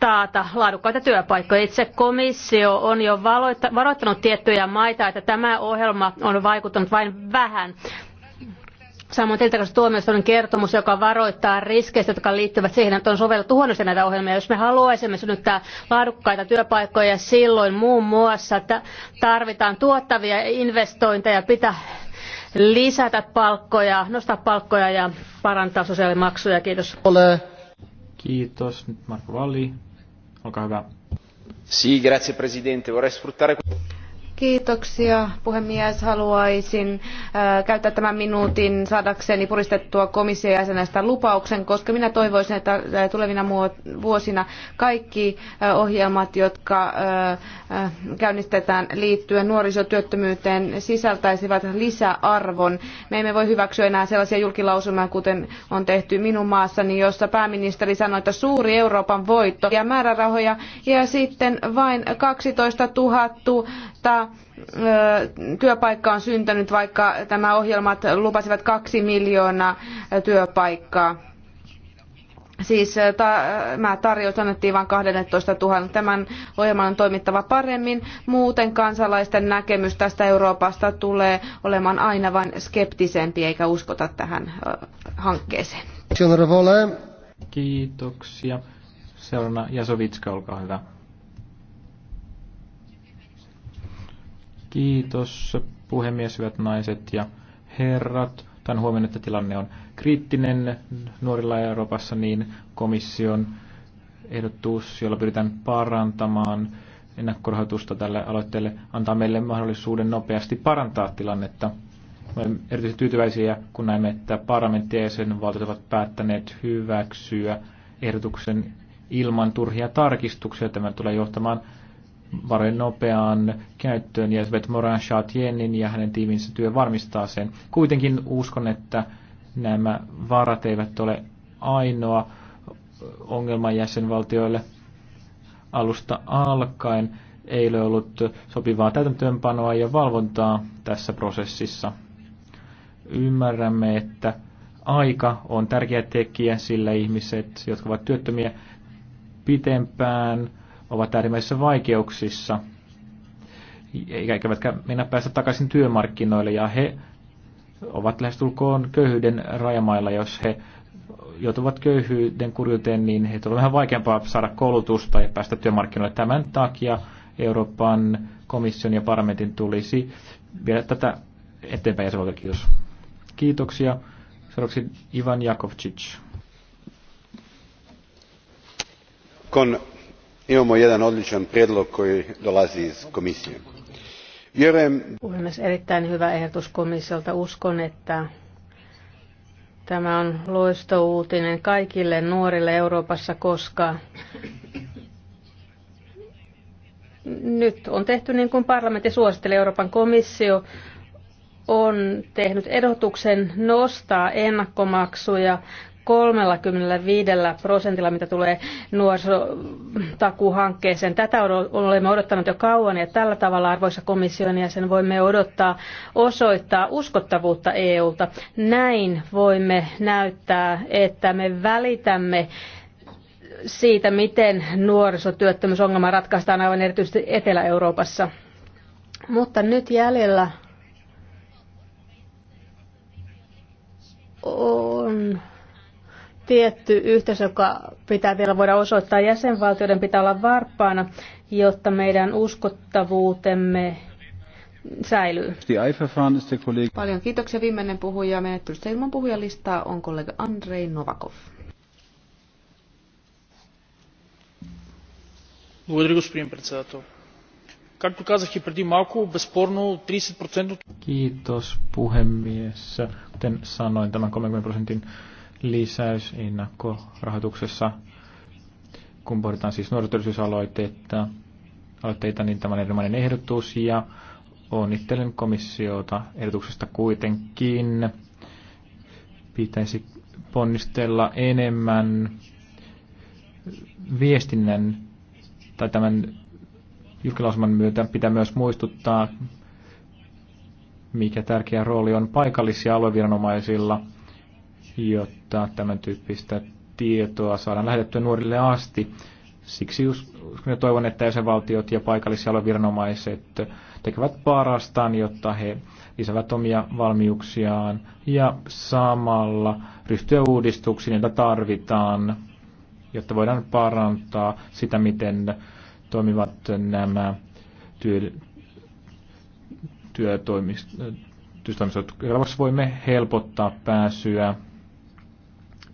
taata laadukkaita työpaikkoja. Itse komissio on jo varoittanut tiettyjä maita, että tämä ohjelma on vaikuttanut vain vähän Samoin tuomioistuimen kertomus, joka varoittaa riskeistä, jotka liittyvät siihen, että on sovellettu huonosti näitä ohjelmia. Jos me haluaisimme synnyttää laadukkaita työpaikkoja, silloin muun muassa tarvitaan tuottavia investointeja, pitää lisätä palkkoja, nostaa palkkoja ja parantaa sosiaalimaksuja. Kiitos. Ole. Kiitos. Nyt Marko Valli. Olkaa hyvä. si, grazie Presidente. Vorrei sfruttare... Kiitoksia puhemies. Haluaisin käyttää tämän minuutin saadakseni puristettua komission jäsenestä lupauksen, koska minä toivoisin, että tulevina vuosina kaikki ohjelmat, jotka käynnistetään liittyen nuorisotyöttömyyteen, sisältäisivät lisäarvon. Me emme voi hyväksyä enää sellaisia julkilausumia, kuten on tehty minun maassani, jossa pääministeri sanoi, että suuri Euroopan voitto ja määrärahoja ja sitten vain 12 000 työpaikka työpaikkaa on syntynyt, vaikka tämä ohjelmat lupasivat kaksi miljoonaa työpaikkaa. Siis tämä tarjous annettiin vain 12 000. Tämän ohjelman on toimittava paremmin. Muuten kansalaisten näkemys tästä Euroopasta tulee olemaan aina vain skeptisempi eikä uskota tähän hankkeeseen. Kiitoksia. Seurana Jasovitska, olkaa hyvä. Kiitos puhemies, hyvät naiset ja herrat. Tämän huomioon, että tilanne on kriittinen nuorilla Euroopassa, niin komission ehdotus, jolla pyritään parantamaan ennakkorahoitusta tälle aloitteelle, antaa meille mahdollisuuden nopeasti parantaa tilannetta. Olemme erityisen tyytyväisiä, kun näemme, että parlamentti ja valtiot ovat päättäneet hyväksyä ehdotuksen ilman turhia tarkistuksia. Tämä tulee johtamaan varojen nopeaan käyttöön ja Svet Moran Chatienin ja hänen tiiminsä työ varmistaa sen. Kuitenkin uskon, että nämä varat eivät ole ainoa ongelma jäsenvaltioille alusta alkaen. Ei ole ollut sopivaa täytäntöönpanoa ja valvontaa tässä prosessissa. Ymmärrämme, että aika on tärkeä tekijä, sillä ihmiset, jotka ovat työttömiä pitempään, ovat äärimmäisissä vaikeuksissa, eivätkä mennä päästä takaisin työmarkkinoille, ja he ovat lähestulkoon köyhyyden rajamailla, jos he joutuvat köyhyyden kurjuuteen, niin heitä on vähän vaikeampaa saada koulutusta ja päästä työmarkkinoille. Tämän takia Euroopan komission ja parlamentin tulisi viedä tätä eteenpäin Kiitos. Kiitoksia. Seuraavaksi Ivan Jakovčić. Kon imamo jedan odličan prijedlog koji dolazi iz komisije. vjerujem. puhemies erittäin hyvä ehdotus komissiolta uskon että tämä on loistouutinen kaikille nuorille euroopassa koska nyt on tehty niin kuin parlamentti suositteli euroopan komissio on tehnyt ehdotuksen nostaa ennakkomaksuja 35 prosentilla, mitä tulee nuorisotakuhankkeeseen. Tätä olemme odottaneet jo kauan ja tällä tavalla, arvoisa komission sen voimme odottaa osoittaa uskottavuutta EUlta. Näin voimme näyttää, että me välitämme siitä, miten nuorisotyöttömyysongelma ratkaistaan aivan erityisesti Etelä-Euroopassa. Mutta nyt jäljellä on tietty yhteys, joka pitää vielä voida osoittaa. Jäsenvaltioiden pitää olla varpaana, jotta meidän uskottavuutemme säilyy. Paljon kiitoksia. Viimeinen puhuja menettelystä ilman puhujalistaa on kollega Andrei Novakov. 30% Kiitos, puhemies. Kuten sanoin, tämän 30 prosentin lisäys ennakkorahoituksessa. Kun pohditaan siis nuorisotyöllisyysaloitteita, aloitteita, niin tämä on erilainen ehdotus ja onnittelen komissiota ehdotuksesta kuitenkin. Pitäisi ponnistella enemmän viestinnän tai tämän julkilausuman myötä pitää myös muistuttaa, mikä tärkeä rooli on paikallisia alueviranomaisilla, jotta jotta tämän tyyppistä tietoa saadaan lähetettyä nuorille asti. Siksi uskon toivon, että jäsenvaltiot ja paikallisjalan viranomaiset tekevät parastaan, jotta he lisäävät omia valmiuksiaan ja samalla ryhtyä uudistuksiin, joita tarvitaan, jotta voidaan parantaa sitä, miten toimivat nämä työ, työtoimistot. Voimme helpottaa pääsyä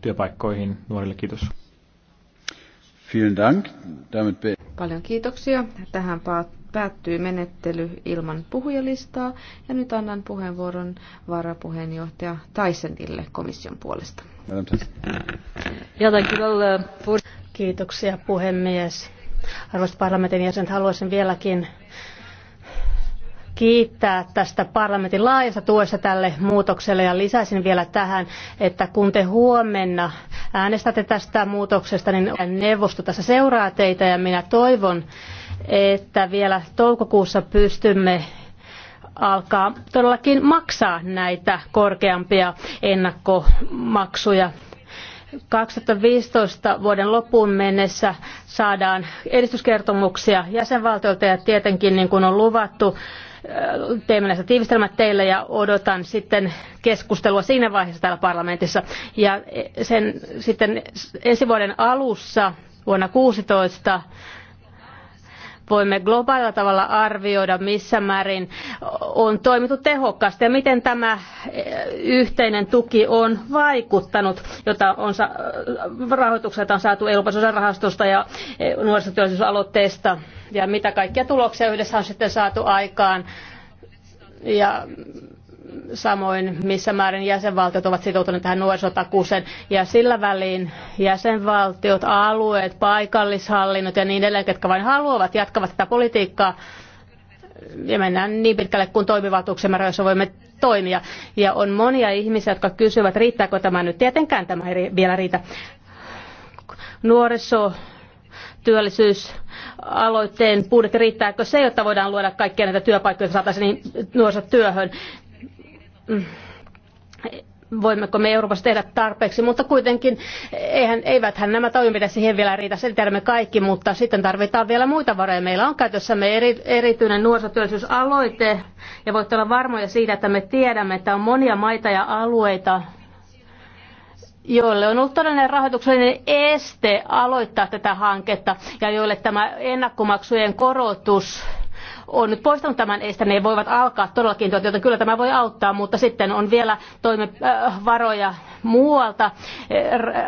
työpaikkoihin nuorille. Kiitos. Paljon kiitoksia. Tähän päättyy menettely ilman puhujalistaa ja nyt annan puheenvuoron varapuheenjohtaja Tysonille komission puolesta. Uh, kiitoksia puhemies. Arvoisat parlamentin jäsenet, haluaisin vieläkin kiittää tästä parlamentin laajasta tuesta tälle muutokselle ja lisäisin vielä tähän, että kun te huomenna äänestätte tästä muutoksesta, niin neuvosto tässä seuraa teitä ja minä toivon, että vielä toukokuussa pystymme alkaa todellakin maksaa näitä korkeampia ennakkomaksuja. 2015 vuoden loppuun mennessä saadaan edistyskertomuksia jäsenvaltioilta ja tietenkin niin kuin on luvattu teemme näistä tiivistelmät teille ja odotan sitten keskustelua siinä vaiheessa täällä parlamentissa. Ja sen sitten ensi vuoden alussa vuonna 16 voimme globaalilla tavalla arvioida, missä määrin on toimittu tehokkaasti ja miten tämä e, yhteinen tuki on vaikuttanut, jota on rahoitukset on saatu Euroopan sosiaalirahastosta ja e, nuorisotyöllisyysaloitteesta ja mitä kaikkia tuloksia yhdessä on sitten saatu aikaan ja samoin missä määrin jäsenvaltiot ovat sitoutuneet tähän nuorisotakuuseen. Ja sillä välin jäsenvaltiot, alueet, paikallishallinnot ja niin edelleen, jotka vain haluavat, jatkavat tätä politiikkaa ja mennään niin pitkälle kuin toimivaltuuksemme rajoissa voimme toimia. Ja on monia ihmisiä, jotka kysyvät, riittääkö tämä nyt. Tietenkään tämä ei vielä riitä. Nuoriso työllisyysaloitteen budjetti, riittääkö se, jotta voidaan luoda kaikkia näitä työpaikkoja, joita saataisiin niin työhön? Mm. voimmeko me Euroopassa tehdä tarpeeksi, mutta kuitenkin eihän, eiväthän nämä toimenpiteet siihen vielä riitä, sen tiedämme kaikki, mutta sitten tarvitaan vielä muita varoja. Meillä on käytössämme eri, erityinen nuorisotyöllisyysaloite ja voitte olla varmoja siitä, että me tiedämme, että on monia maita ja alueita, joille on ollut todellinen rahoituksellinen este aloittaa tätä hanketta ja joille tämä ennakkomaksujen korotus on nyt poistanut tämän esteen, ne voivat alkaa todellakin työtä, tuota, joten kyllä tämä voi auttaa, mutta sitten on vielä toime, äh, varoja muualta äh,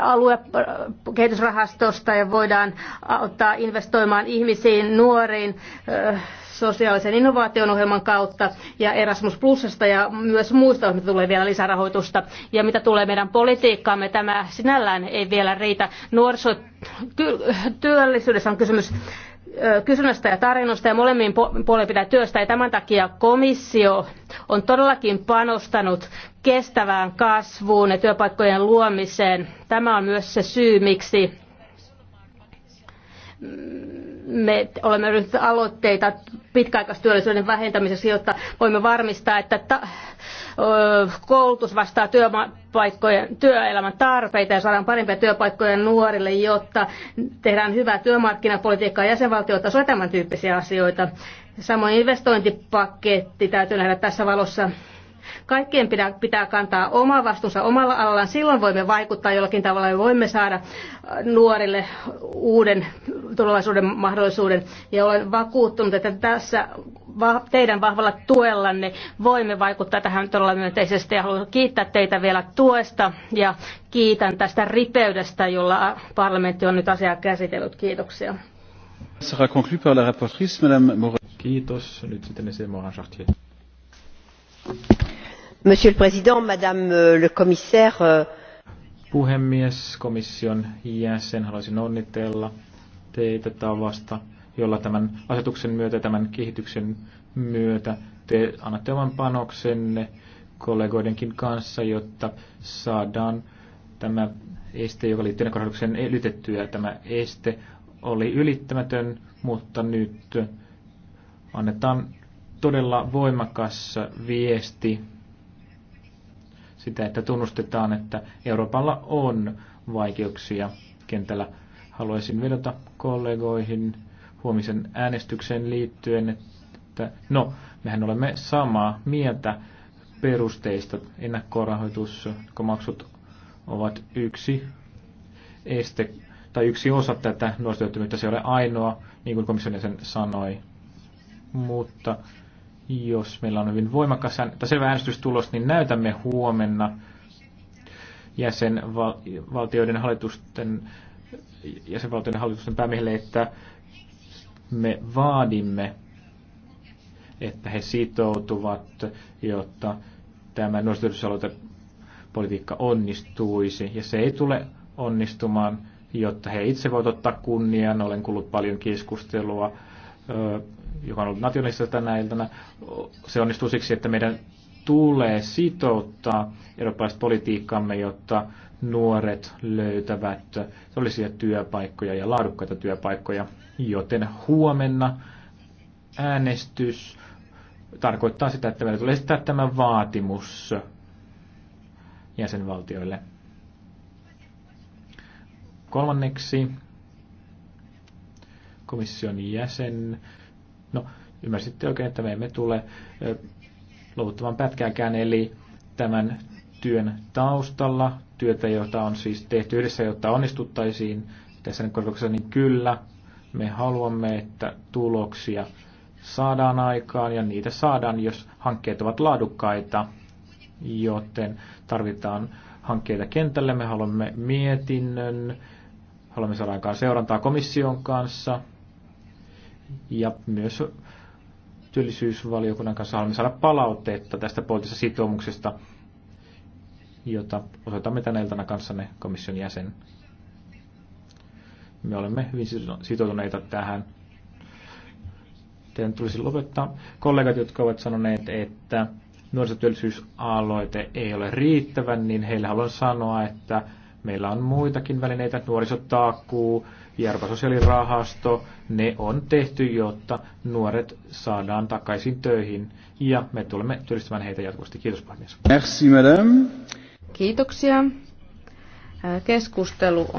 aluekehitysrahastosta äh, ja voidaan auttaa investoimaan ihmisiin, nuoriin, sosiaalisen innovaation ohjelman kautta ja Erasmus Plusasta ja myös muista ohjelmista tulee vielä lisärahoitusta. Ja mitä tulee meidän politiikkaamme, tämä sinällään ei vielä riitä. Nuorisotyöllisyydessä on kysymys kysynnästä ja tarinoista ja molemmin puolin pitää työstä ja tämän takia komissio on todellakin panostanut kestävään kasvuun ja työpaikkojen luomiseen. Tämä on myös se syy, miksi me olemme ryhtyneet aloitteita pitkäaikaistyöllisyyden vähentämiseksi, jotta voimme varmistaa, että koulutus vastaa työpaikkojen, työelämän tarpeita ja saadaan parempia työpaikkoja nuorille, jotta tehdään hyvää työmarkkinapolitiikkaa ja tämän tyyppisiä asioita. Samoin investointipaketti täytyy nähdä tässä valossa Kaikkien pitää, pitää kantaa oma vastuunsa omalla alallaan. Silloin voimme vaikuttaa jollakin tavalla ja voimme saada äh, nuorille uuden tulevaisuuden mahdollisuuden. Ja olen vakuuttunut, että tässä teidän vahvalla tuellanne voimme vaikuttaa tähän todella myönteisesti. Ja haluan kiittää teitä vielä tuesta ja kiitän tästä ripeydestä, jolla äh, parlamentti on nyt asiaa käsitellyt. Kiitoksia. Sera conclu par la Madame Morin. Kiitos. Nyt sitten Morin Chartier. Monsieur le Président, Madame euh, le Commissaire. Euh, Puhemies, komission jäsen, haluaisin onnitella teitä tavasta, jolla tämän asetuksen myötä, tämän kehityksen myötä te annatte oman panoksenne kollegoidenkin kanssa, jotta saadaan tämä este, joka liittyy korotukseen ylitettyä. Tämä este oli ylittämätön, mutta nyt annetaan todella voimakas viesti sitä, että tunnustetaan, että Euroopalla on vaikeuksia kentällä. Haluaisin vedota kollegoihin huomisen äänestykseen liittyen, että no, mehän olemme samaa mieltä perusteista. Ennakkorahoituskomaksut ovat yksi este tai yksi osa tätä nuorisotyöttömyyttä, se ei ole ainoa, niin kuin komission sen sanoi. Mutta jos meillä on hyvin voimakas tai selvä äänestystulos, niin näytämme huomenna jäsenvaltioiden hallitusten, jäsenvaltioiden hallitusten päämiehille, että me vaadimme, että he sitoutuvat, jotta tämä politiikka onnistuisi. Ja se ei tule onnistumaan, jotta he itse voivat ottaa kunnian. Olen kuullut paljon keskustelua joka on ollut nationalista tänä iltana, se onnistuu siksi, että meidän tulee sitouttaa eurooppalaiset politiikkamme, jotta nuoret löytävät sellaisia työpaikkoja ja laadukkaita työpaikkoja, joten huomenna äänestys tarkoittaa sitä, että meillä tulee esittää tämä vaatimus jäsenvaltioille. Kolmanneksi komission jäsen No, ymmärsitte oikein, että me emme tule luovuttamaan pätkääkään, eli tämän työn taustalla, työtä, jota on siis tehty yhdessä, jotta onnistuttaisiin tässä nyt korkeuksessa, niin kyllä, me haluamme, että tuloksia saadaan aikaan ja niitä saadaan, jos hankkeet ovat laadukkaita, joten tarvitaan hankkeita kentälle. Me haluamme mietinnön, haluamme saada aikaan seurantaa komission kanssa, ja myös työllisyysvaliokunnan kanssa haluamme saada palautetta tästä poliittisesta sitoumuksesta, jota osoitamme tänä iltana kanssanne komission jäsen. Me olemme hyvin sitoutuneita tähän. Teidän tulisi lopettaa kollegat, jotka ovat sanoneet, että nuorisotyöllisyysaloite ei ole riittävän, niin heillä haluan sanoa, että meillä on muitakin välineitä, nuorisotakuu, järva sosiaalirahasto, ne on tehty, jotta nuoret saadaan takaisin töihin ja me tulemme työllistämään heitä jatkuvasti. Kiitos puhemies. Merci, madame. Kiitoksia. Keskustelu